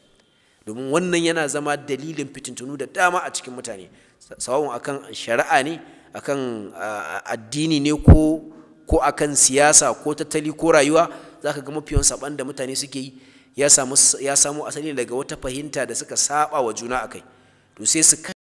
domin wannan yana zama dalilin fitintunu da dama a cikin mutane sawawun akan shari'a ne akan addini ne ko ko akan siyasa ko tattali ko rayuwa zaka ga mafiyan saɓan da mutane suke yi ya samu ya samu asali daga wata fahimta da suka saba wa juna akai to sai su